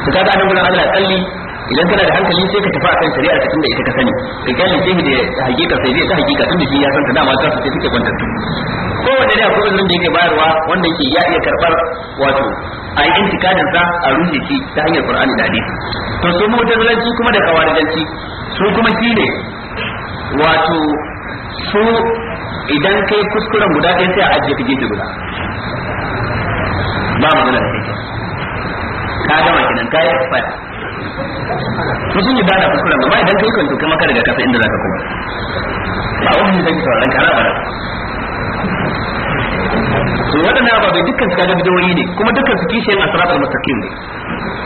to kaga anan gurin Allah kalli idan kana da hankali sai ka tafi akan shari'a ka tunda ita ka sani ka kalli shi da hakika sai dai ta hakika da shi ya san ta dama ta sai suke kwantar ko wanda da kuɗin nan da yake bayarwa wanda yake ya iya karbar wato a yi intikadin sa a rushe shi ta hanyar Qur'ani da hadisi to su mutazilanci kuma da kawarijanci su kuma shine wato su idan kai kuskuren guda ɗaya sai a ajiye ka gefe guda ba magana da kai ka gama kenan ka yi expire to sun yi ba da kuskuren amma idan kai kwanto kai maka daga kasa inda zaka koma ba wani zai tsoron karaba ba to waɗannan ababai dukkan su kaga bidoyi ne kuma dukkan su kishiyan asratul mustaqim ne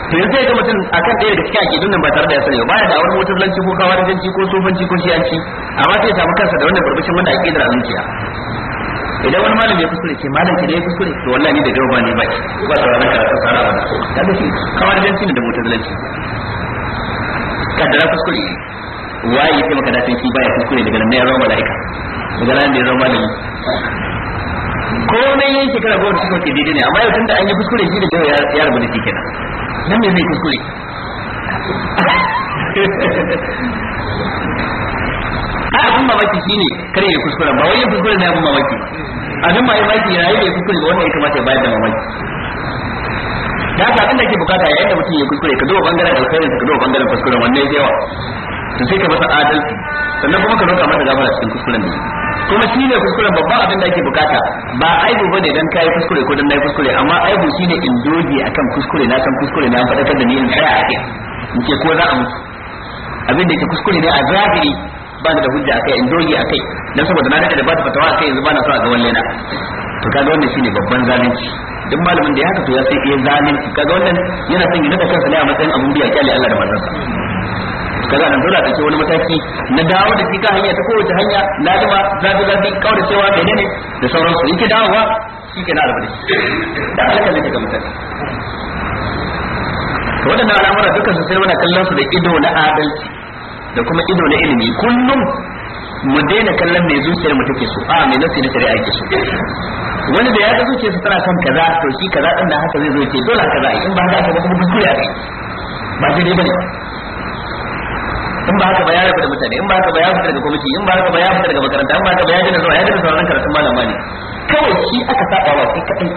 to yanzu ya ga mutum akan ɗaya daga cikin aqidun nan ba tare da ya sani ba ya da awar lanci ko janci ko sofanci ko shiyanci amma sai ya samu kansa da wannan burbushin wanda aqidar azuciya idan wani malam ya kuskure ce malam ki ne ya kuskure to wallahi ni da dawo ba ne ba ba sauraron karatu sana'a ba kaga shi janci ne da ka kaddara kuskure waye ya maka da ba baya kuskure daga nan ne ya zama mala'ika daga nan ne ya zama malami komai yin shekara goma da suka wuce daidai ne amma yau da an yi kuskure shi da jawo ya rabu da shi kenan nan me mai kuskure a abin mamaki ne kare ya kuskure ba wai yin kuskure na abin mamaki abin mamaki yana yi ya kuskure ba wannan ya kamata ya bayar da mamaki da haka abin da ke bukata yayin da mutum ya kuskure ka duba bangaren alkhairin ka duba bangaren kuskuren wannan yawa to sai ka masa adalci sannan kuma ka roƙa mata gafara cikin kuskuren da kuma shi ne kuskuren babban abin da ake bukata ba aibu bane dan kai kuskure ko dan nayi kuskure amma aibu shi ne in doge akan kuskure na kan kuskure na faɗakar da ni in tsaya a kai in ce ko za a mutu abin da yake kuskure ne a zahiri ba da hujja akai in doge akai dan saboda na da ba ta fatawa akai yanzu ba na so a ga wannan na to kaga wannan shine babban zalunci duk malamin da ya haka to ya sai iya eh, zalunci kaga wannan yana son ya daga kansa ne a matsayin abun biya kyale Allah da manzansa kaga nan dole take wani mataki na dawo da shi hanya ta kowace hanya lalima zabi zabi kawai cewa ne da sauransu dawo ba shi ke na rabu da shi da alƙalin take ga mutane to waɗannan al'amura dukkan su sai muna kallon su da ido na adalci da kuma ido na ilimi kullum mu daina kallon mai zuciyar mu take so a mai nasi na shari'a yake so wani da ya ga zuciyarsa tana son kaza to shi kaza din da haka zai zo ce dole kaza in ba haka ba kuma kuskure a kai ba ne. bane in ba haka ba ya rabu da mutane in ba haka ba ya fita daga kwamiti in ba haka ba ya fita daga makaranta in ba haka ba ya gina zuwa ya dina sauran karatun malam ne kawai shi aka saba wa kai kadai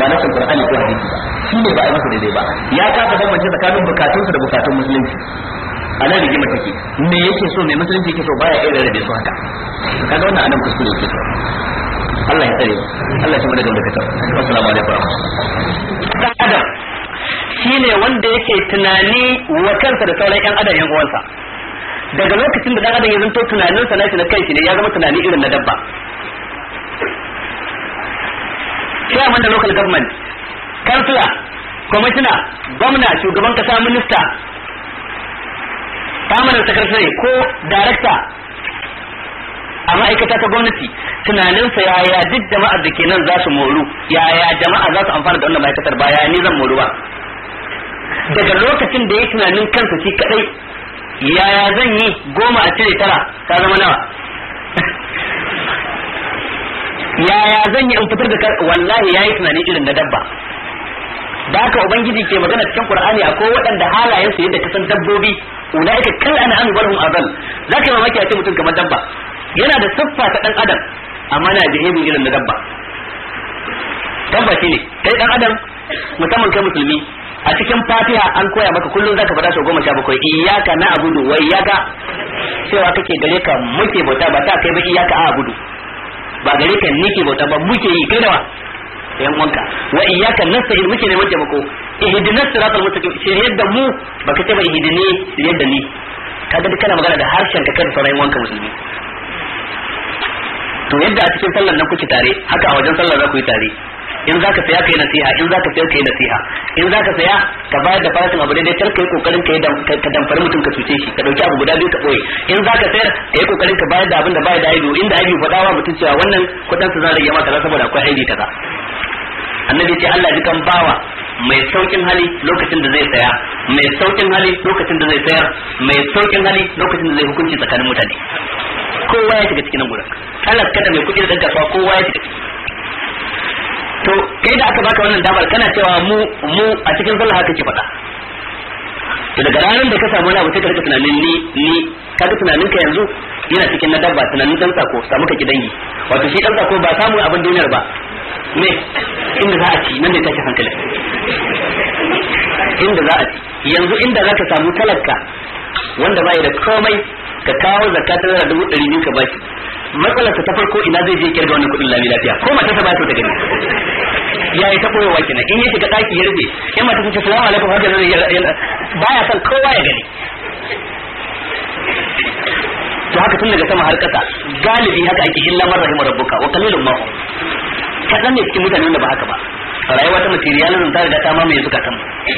ba na san qur'ani ko hadisi ba shi ne ba a masa daidai ba ya kafa bambance tsakanin bukatunsa da bukatun musulunci a nan gima take me yake so me musulunci yake so baya irin rabe su haka kaga wannan anan kuskure yake so Allah ya tsare Allah ya daga daga assalamu alaikum dan adam shine wanda yake tunani wa kansa da sauran yan adam yan uwansa daga lokacin da dan adam ya zanto tunaninsa na shi na ne ya zama tunani irin na dabba chairman da local government kansila kwamishina gwamna shugaban kasa minista kamarar sakatare ko darakta a ma'aikata ta gwamnati tunaninsa yaya duk jama'ar da ke nan za su moru yaya jama'a za su amfana da wannan ma'aikatar ba yaya ni zan moru ba daga lokacin da ya tunanin kansa shi kadai yaya zan yi goma a cire tara ta zama nawa yaya zan yi in fitar da wallahi yayi tunani irin na dabba da haka ubangiji ke magana cikin qur'ani ko waɗanda halayen su yadda kasan dabbobi ulaika kal an an barhum azal zaka mamaki a ce mutum kamar dabba yana da siffa ta dan adam amma na da irin na dabba dabba ne kai dan adam musamman kai musulmi a cikin fatiha an koya maka kullum zaka fada sau goma sha bakwai iyaka na abudu wa iyaka cewa kake gare ka muke bauta ba ta kai ba iyaka a abudu ba gare ka nike bauta ba muke yi kai dawa yan wanka wa iyyaka nasta'in muke neman taimako ihdina siratal mustaqim shiryar da mu baka ce ba ihdini shiryar da ni Ka ga kana magana da harshen ka kan sauran wanka musulmi to yadda a cikin sallar nan kuke tare haka a wajen sallar za ku yi tare in zaka saya kai nasiha in zaka ka kai nasiha in zaka saya ka bayar da farashin abu daidai kar kai kokarin ka ka damfari mutum ka cuce shi ka dauki abu guda biyu ka boye in zaka sayar yi kokarin ka bayar da abin da bayar da aibu inda aibu fadawa mutum cewa wannan kudin su za rage maka saboda akwai aibi kaza annabi ce Allah ji kan bawa mai saukin hali lokacin da zai saya mai saukin hali lokacin da zai sayar mai saukin hali lokacin da zai hukunci tsakanin mutane kowa ya shiga cikin gurin Allah kada mai kudi da dan kasuwa kowa ya shiga to kai da aka baka wannan damar kana cewa mu mu a cikin sallah haka ke faɗa to daga ranar da ka samu wani abu sai ka rika tunanin ni ni kaga tunanin ka yanzu yana cikin na dabba tunanin dan sako samu ka ki dangi wato shi dan sako ba samu abin duniyar ba ne inda za a ci nan ne tashi hankali inda za a ci yanzu inda za ka samu talaka wanda bai da komai ka kawo zakatar da dubu ɗari biyu ka bashi matsalar ta farko ina zai je kirga wannan kudin lami lafiya ko mata ta ba ta gani ya yi ta wa kina in ya shiga daki ya rufe in mata ta ce salamu alaikum haka zai ya san kowa ya gani to haka tun daga sama har kasa galibi haka ake illa man rahimar rabbuka wa qalilun ma kadan ne cikin mutanen da ba haka ba rayuwa ta materialism ta riga ta mamaye zukatan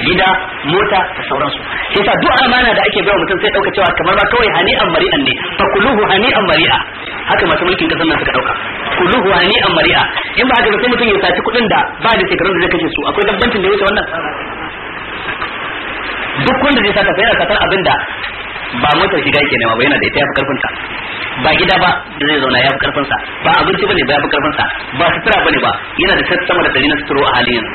gida mota da sauransu sai sa duk amana da ake bawa mutum sai dauka cewa kamar ba kawai hani'an mari'an ne kuluhu hani'an mari'a haka masu mulkin kasar nan suka dauka kuluhu hani an mari'a in ba haka sai mutum ya saci kuɗin da ba da shekarun da zai kashe su akwai dabbancin da ya wuce wannan duk wanda zai saka sayar yana satar abin da ba motar shiga yake nema ba yana da ita yafi karfin sa ba gida ba da zai zauna yafi karfin sa ba abinci bane ba yafi karfin sa ba sutura bane ba yana da sassa sama da dari na a halin yanzu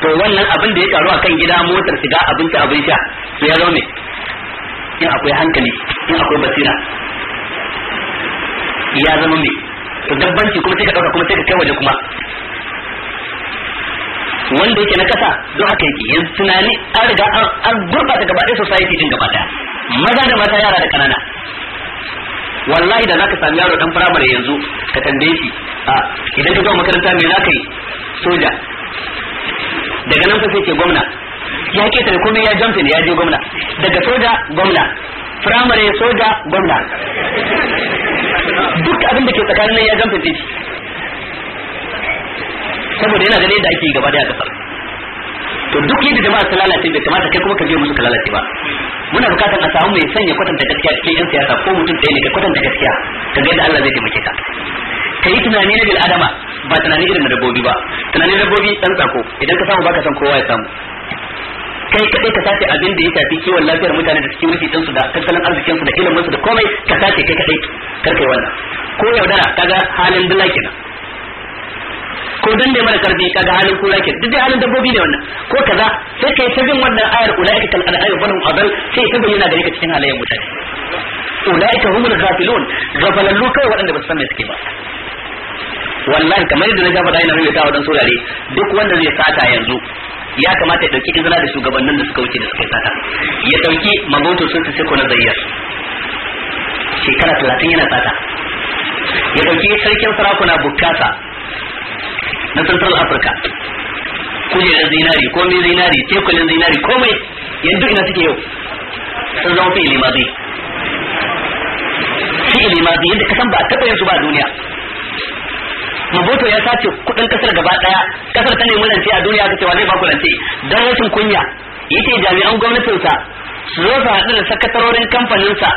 to wannan abin da ya karu akan gida motar shiga abinci abin sha to ya zo ne in akwai hankali in akwai basira ya zama mai to dabbanci kuma sai ka dauka kuma sai ka kai waje kuma wanda yake na kasa don haka yake yanzu tunani an riga an gurbata gaba ɗaya society din gaba ɗaya maza da mata yara da kanana wallahi da zaka sami yaro dan firamare yanzu ka tambaye shi a idan ka zo makaranta me zaka yi soja daga nan fa sai ke gwamna ya tare komai ya jamfe ne ya je gwamna daga soja gwamna firamare soja gwamna duk abin da ke tsakanin nan ya jamfa titi saboda yana gane da ake gaba daya kasar to duk yadda jama'a su lalace bai kamata kai kuma ka je musu ka lalace ba muna bukatar a samu mai sanya kwatanta gaskiya cikin yan siyasa ko mutum ɗaya ne ka kwatanta gaskiya ka ga yadda Allah zai taimake ka ka yi tunani na bil adama ba tunani irin na dabbobi ba tunanin dabbobi dan tsako idan ka samu baka san kowa ya samu kai kadai ka sace abin da ya shafi kiwon lafiyar mutane da wuce din su da tattalin arzikin su da ilimin su da komai ka sace kai kadai kar kai wannan ko yaudara kaga halin dila kenan ko dan da mara karfi kaga halin kura ke duk dai halin dabbobi ne wannan ko kaza sai kai ta bin wannan ayar ulaika kal an'am bal adal sai ta yana gare ka cikin halayen mutane ulaika humul ghafilun ghafalallu kai waɗanda ba su san me suke ba wallahi kamar yadda na faɗa ina rubuta sura saurare duk wanda zai sata yanzu ya kamata ya dauki izina da shugabannin da suka wuce da suka sata ya dauki magoto sun su sako na zayyar shekara talatin yana sata ya dauki sarkin sarakuna bukasa na central africa kujerar zinari komai zinari tekulin zinari komai yanzu ina suke yau sun zama fi'ili mazi fi'ili mazi yadda kasan ba a taɓa yin su ba a duniya Mobutu ya sace kudin kasar gaba daya kasar ta nemi rance a duniya aka cewa zai ba ku rance dan rashin kunya yace jami'an gwamnatinsa su zo su haɗu da sakatarorin kamfaninsa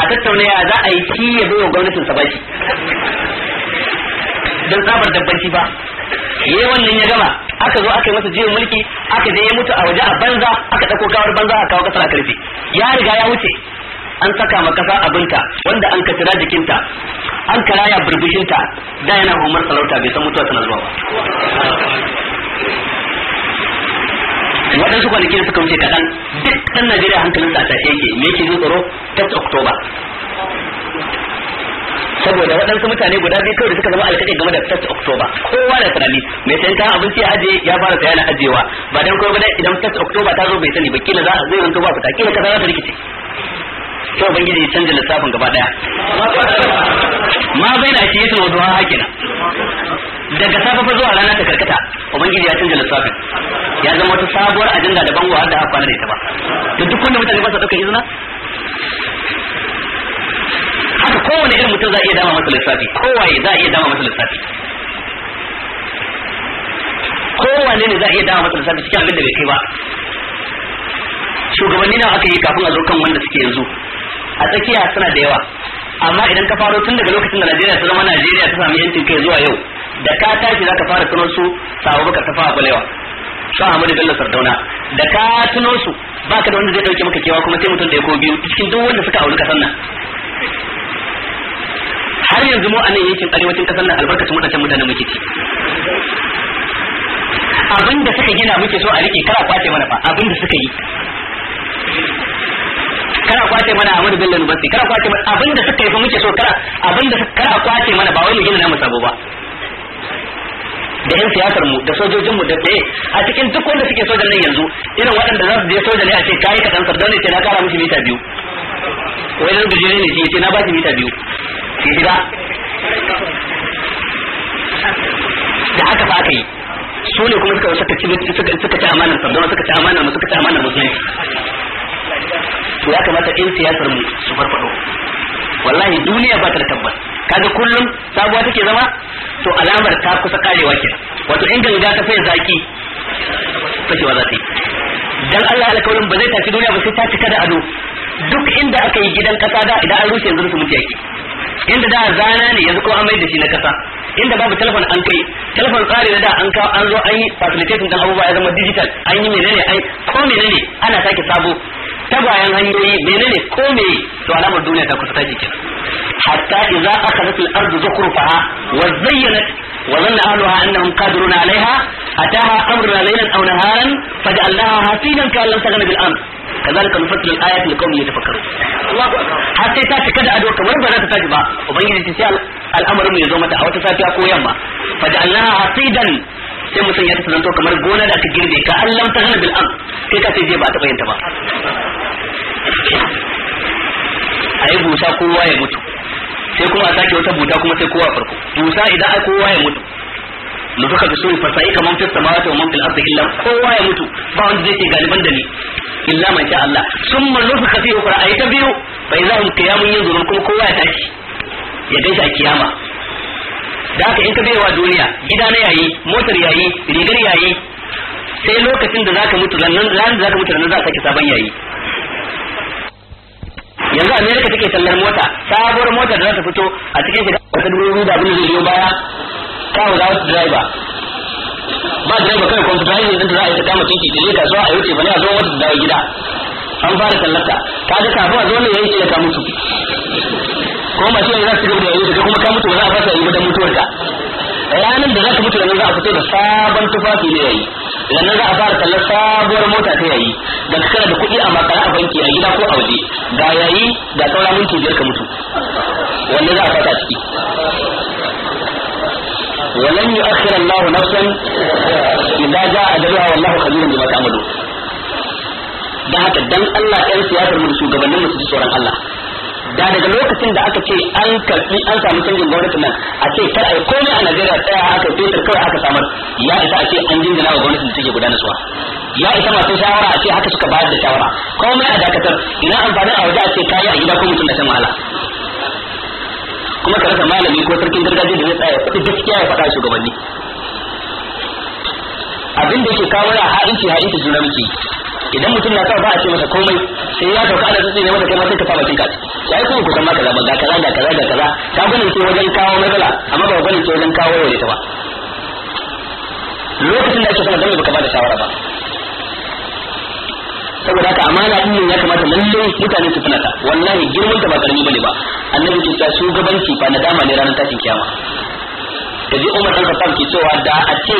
a tattauna za a yi shi ya bai wa shi. bashi don tsabar dabbanci ba ya wannan ya gama aka zo aka yi masa jiyan mulki aka je ya mutu a waje a banza aka ɗauko kawar banza a kawo kasar a karfe ya riga ya wuce an saka maka kasa abinka wanda an katira jikinta an karaya burbushinta da yana umar salauta bai san mutuwa tana zuwa ba waɗansu kwanaki suka wuce kaɗan duk ɗan najeriya hankalin sa tashe yake me yake jin tsoro ta Oktoba saboda waɗansu mutane guda biyu kawai da suka zama alkaɗe game da ta Oktoba kowa da tunani mai sayan kayan abinci ya aje ya fara saya na ajewa ba dan kowa ba idan ta Oktoba ta zo bai sani ba kila za a zai zanto ba fita kila kaza za ta rikice sai ubangiji ya canza lissafin gaba daya ma bai da shi yasa wadda na. daga safe fa zuwa rana ta karkata ubangiji ya canza lissafin ya zama wata sabuwar ajanda daban wa da aka da ita ba to duk wanda mutane ba su dauka izina haka kowane irin mutum za a iya dama masa lissafi kowaye za a iya dama masa lissafi kowane ne za a iya dama masa lissafi cikin abin da bai kai ba shugabanni nawa aka yi kafin a zo kan wanda suke yanzu a tsakiya suna da yawa amma idan ka faro tun daga lokacin da Najeriya ta zama Najeriya ta sami yancin kai zuwa yau da ka tashi zaka fara tuno su sawo baka ta fara balewa su Ahmadu Bello Sardauna da ka tuno su baka da wanda zai dauke maka kewa kuma sai mutum da ya ko biyu cikin duk wanda suka auri kasan nan har yanzu mu a nan yankin arewacin kasar nan albarkacin wadancan mutanen muke ci abin da suka gina muke so a rike kana kwace mana fa abin da suka yi kana kwace mana Ahmad bin Lubasi kana kwace mana abin da suka yi fa muke so kana abin da kana kwace mana ba wai mu gina namu sabo ba da yan siyasar mu da sojojin mu da tsaye a cikin duk wanda suke sojan nan yanzu irin waɗanda za su je soja ne a ce kai ka tantar don ne ce na kara musu mita biyu wai nan gajere ne ce na ba shi mita biyu ki ba. su ne kuma suka suka ci suka ci amanar sabbin suka ci amanar mu suka ci amanar sai to ya kamata in siyasar mu su farfado wallahi duniya ba ta da tabbas kaga kullum sabuwa take zama to alamar ta kusa karewa ke wato in ganga ta sai zaki fashewa za ta yi dan Allah alkawarin ba zai tafi duniya ba sai ta cika da ado duk inda aka yi gidan kasa da idan an rushe yanzu su mutu inda da zana ne yanzu ko an mai da shi na kasa inda babu telefon an kai telefon tsari na da an kawo an zo an yi facilitating dan abubuwa ya zama digital an yi menene ai ko menene ana sake sabo tagwayen hanyoyi menene ko me to alamar duniya ta kusa ta jikin hatta idza akhadhat al-ard zukhrufaha wa zayyanat wa dhanna ahluha annahum qadirun 'alayha ataha amruna laylan aw naharan faj'alnaha hasidan ka lam taghna bil amr كذلك نفصل الآيات لقوم يتفكرون الله حتى تاتي كذا أدوة كمان بنا تاتي با وبين الامر من يزومة أو تاتي أكو يما فجعلناها حصيدا sai mutum ya tafi zanto kamar gona da aka girbe ka an lamta hana bil'am kai ka sai je ba ta bayanta ba a yi busa kowa ya mutu sai kuma a sake wata buta kuma sai kowa farko busa idan a kowa ya mutu nufaka bi suri fasai kaman fi samawati wa man fil ardi illa kowa ya mutu ba wanda zai ce galiban da ni illa man sha Allah summa nufaka a yi ayata biyu fa idza hum qiyamun yanzurun kuma kowa ya tashi ya gaisa a kiyama da haka in ka wa duniya gida na yayi motar yayi rigar yayi sai lokacin da zaka mutu nan ran da zaka mutu nan za ka sake sabon yayi yanzu america take tallar mota sabuwar mota da za ta fito a cikin shiga ta dubu da abin da zai biyo baya kawo za su driver ba driver kawai driver din da za a yi ta kama titi da zai kasuwa a yi ce bane a zo wata dawo gida an fara tallata ka ga kafin a zo ne yayin ce ya kamutu kuma ba shi ne za su gaba da yayin da kuma ka mutu ba za a fasa yayin da mutuwar ka ranar da za ka mutu ranar za a fito da sabon tufafi ne yayi ranar za a fara kallon sabuwar mota ta yayi da kana da kuɗi a makara a banki a gida ko a waje ga yayi da sauran minti biyar ka mutu wanne za a fasa ciki ولن يؤخر الله نفسا إذا جاء أجلها والله خبير بما تعملون da haka dan Allah ɗan siyasar mu da shugabannin mu su ji tsoron da daga lokacin da aka ce an karbi an samu canjin gwamnati nan a ce kar ai komai a Najeriya tsaya aka fetar kawai aka samar ya isa a ce an jinjina wa gwamnatin da take gudanarwa ya isa masu shawara a ce haka suka bayar da shawara komai a dakatar ina amfani a waje a ce kayi a gida ko mutum da shan wahala kuma ka malami ko sarkin gargajiya da zai tsaya faɗi gaskiya ya faɗa shugabanni abin da yake kawo ya ha'inci ha'inci juna muke idan mutum na sa ba a ce masa komai sai ya sauka da tsitsi ne masa kai ma sai ka sa bakin kaci sai kuma ku san kaza ba kaza ga kaza ga kaza ta ce wajen kawo matsala amma ba ce wajen kawo yau ta ba lokacin da ake sanar da baka bada shawara ba saboda haka amana din ya kamata lalle mutane su tunata wallahi girman ta ba karami bane ba annabi ke ta shugabanci ba dama ne ranar tashin kiyama kaji Umar dan Khattab ke cewa da a ce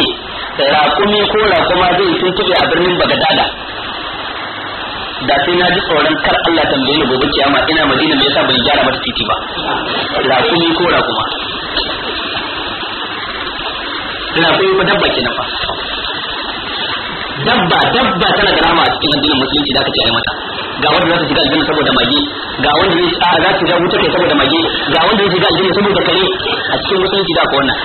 raƙumi ko raƙuma zai tuntube a birnin Bagdada da sai na ji tsoron kar Allah tambaye ni gobe kiyama ina Madina me yasa ban gyara mata titi ba rakumi ko rakuma rakumi ko dabba kenan fa dabba dabba tana da rama a cikin addinin musulunci da aka ce mata ga wanda zai shiga aljanna saboda magi ga wanda zai a za su shiga wuta kai saboda magi ga wanda zai shiga aljanna saboda kare a cikin musulunci da ko wannan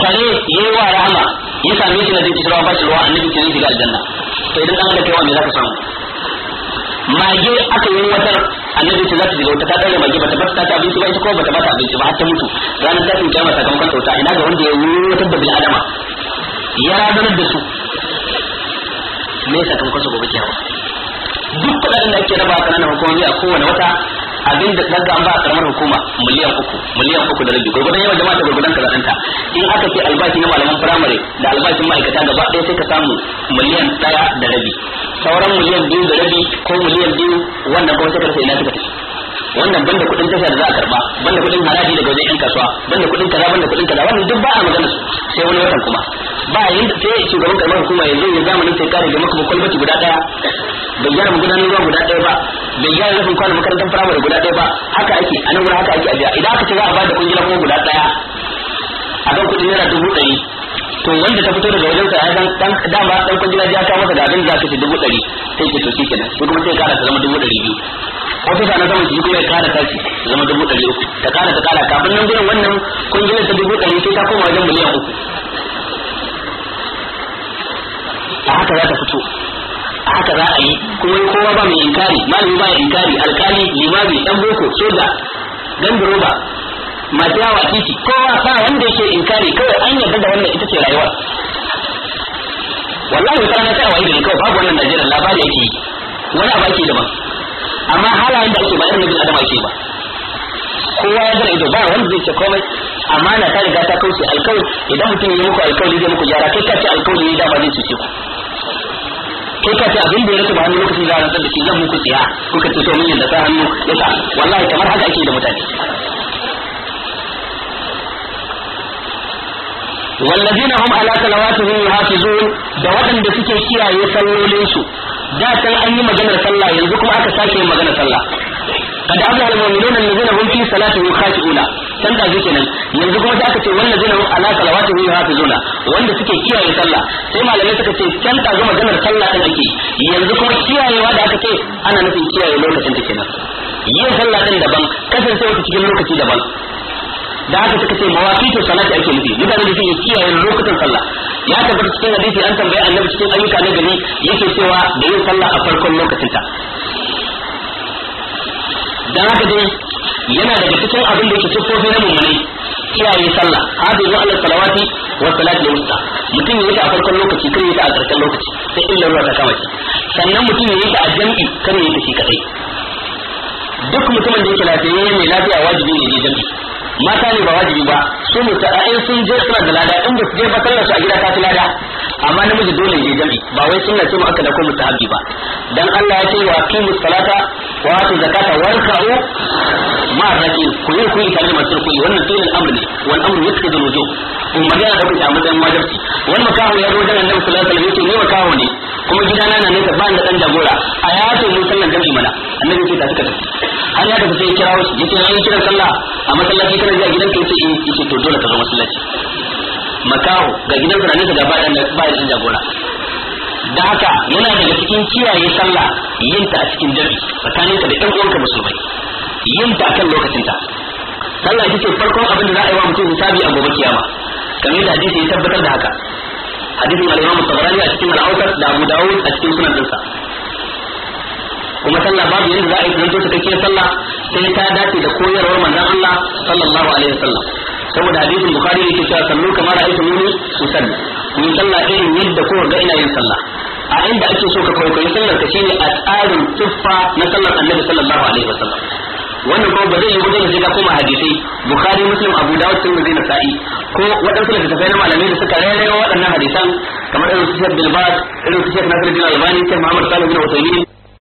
kare yayi wa rahama ya same shi na zai ci ruwa ba shi ruwa annabi ke zai shiga aljanna to idan an kai kaiwa me za ka samu mage aka yi wata annabi ce za ta shiga wata ta tsaye mage bata bata ta abinci ba ita kuma bata bata abinci ba har ta mutu ranar tashin ta sakamakon sauta ina ga wanda ya yi watar da bil adama ya ranar da su me sakamakon su gobe kyawa duk kuɗaɗen da ake raba kananan hukumomi a kowane wata abin da daga an ba karamar hukuma miliyan uku miliyan uku da rabi gurgudan yawan jama'a da gurgudan kazanta in aka ce albashi na malaman firamare da albashin ma'aikata gaba ɗaya sai ka samu miliyan ɗaya da rabi sauran miliyan biyu da rabi ko miliyan biyu wannan kuma sai ka rasa ina tafi wannan banda kudin tasha da za a karba banda kudin haraji daga wajen yan kasuwa banda kudin kaza banda kudin kaza wannan duk ba a magana su sai wani watan kuma ba da sai shugaban karamar hukuma yanzu ya zamanin sai kare da kuma kwalbati guda daya bai gyara magudanar ruwa guda daya ba bai gyara rufin kwana makarantar firamare guda daya ba haka ake a nan haka ake a idan aka ce za a ba da kungiyar kuma guda daya a kan kudin naira dubu ɗari to wanda ta fito daga wajen sa ya dan dan dama dan kwangila ya kawo masa da abin da kace dubu ɗari sai ke to shikenan shi kuma sai kara ta zama dubu dari biyu wata ta na zama shi kuma ya kara ta zama dubu dari uku ta kara ta kara kafin nan gurin wannan kwangilar ta dubu dari sai ta koma wajen miliyan uku a haka za ta fito a haka za a yi kuma kowa ba mai inkari malami ba ya inkari alkali limami dan boko soja gandaroba masu yawa titi kowa ba wanda yake inkari kawai an yarda da wannan ita ce rayuwa wallahi wata rana sai a wayi kawai babu wannan Najeriya labari yake yi wani abu ake daban amma halayen da ake ba irin bin adam ake ba kowa ya zara ido ba wanda zai ce komai amma na ta riga ta kauce alkawari idan mutum ya muku alkawari zai muku gyara kai ka ce alkawari ne dama zai cuce ku kai ka ce abin da ya rasa ba hannu lokacin da rantsar da shi zan muku tsiya kuka ce to mun yadda sa hannu ya sa wallahi kamar haka ake da mutane wallazina hum ala salawatihim yuhafizun da waɗanda suke kiyaye sallolin su da san an yi maganar sallah yanzu kuma aka sake yin maganar sallah kada abu al-mu'minun allazina hum fi salatihim khashi'una san da zuke nan yanzu kuma sai aka ce wallazina hum ala salawatihim yuhafizuna wanda suke kiyaye sallah sai malamai suka ce san da ga maganar sallah din ake yanzu kuma kiyayewa da aka ce ana nufin kiyaye lokacin ta kenan yin sallah din daban kasancewa cikin lokaci daban da aka suka ce mawaqitu salati ake nufi mutane da suke kiyaye lokutan sallah ya tabbata cikin hadisi an tambaye annabi cikin ayyuka na gari yake cewa da yin sallah a farkon lokacin ta dan haka dai yana daga cikin abin da yake sufofi na mummuni kiyaye sallah hadu zuwa ala salawati wa salati al-wusta mutum ya yi a farkon lokaci kar ya ta a karshen lokaci sai illa ruwa ta kama sannan mutum ya yi a jam'i kar ya yi shi kadai duk mutumin da yake lafiyayye mai lafiya wajibi ne ya jam'i mata ne ba wajibi ba su muta'a'in sun je suna da lada in ba su je ba sallar su a gida ta fi lada amma namiji dole ne jami ba wai sunna ce mu aka da ko mutahabbi ba dan Allah ya ce wa aqimus salata wa atu zakata warka'u ma raki ku yi kuyi tare da masu kuyi wannan sai amr ne wal amr yaqtadu al-wujub in magana da kuma amma dan wajibi wal makahu ya zo daga Annabi sallallahu alaihi wasallam yace ne makahu ne kuma gidana na ne ka ba da dan dagora a musallan ce mana annabi ce ta suka tafi har ya ta sai kirawo shi yace an kira sallah a masallaci zai a gidanka yace in to dole ka zo masallaci makaho ga gidan na ne da bayan da bayan da jagora da haka yana daga cikin kiyaye sallah yin ta a cikin dare ka da ɗan uwanka musulmai yin ta kan lokacin ta sallah ita ce farkon abin da za a yi wa mutum hisabi a gobe kiyama kamar da hadisi ya tabbatar da haka hadisin al-Imam Tabarani a cikin al-Awsat da Abu Dawud a cikin sunan dinsa kuma sallah babu yadda za a yi zanto cikakkiyar sallah sai ta dace da koyarwar manzon Allah sallallahu alaihi wasallam saboda hadisin bukhari yake cewa sallu kamar a ra'aytu muni usalli ni sallah irin yadda ko ga ina yin sallah a inda ake so ka kwaikwayi sallar ka shine a tsarin tuffa na sallar annabi sallallahu alaihi wasallam wannan kuma ba zai yi gudun sai ka koma hadisai bukhari muslim abu dawud sun zai na sa'i ko waɗansu littattafai na malamai da suka rairayo waɗannan hadisan kamar irin su shek bilbad irin su shek nasiruddin albani shek muhammad salim bin utaimin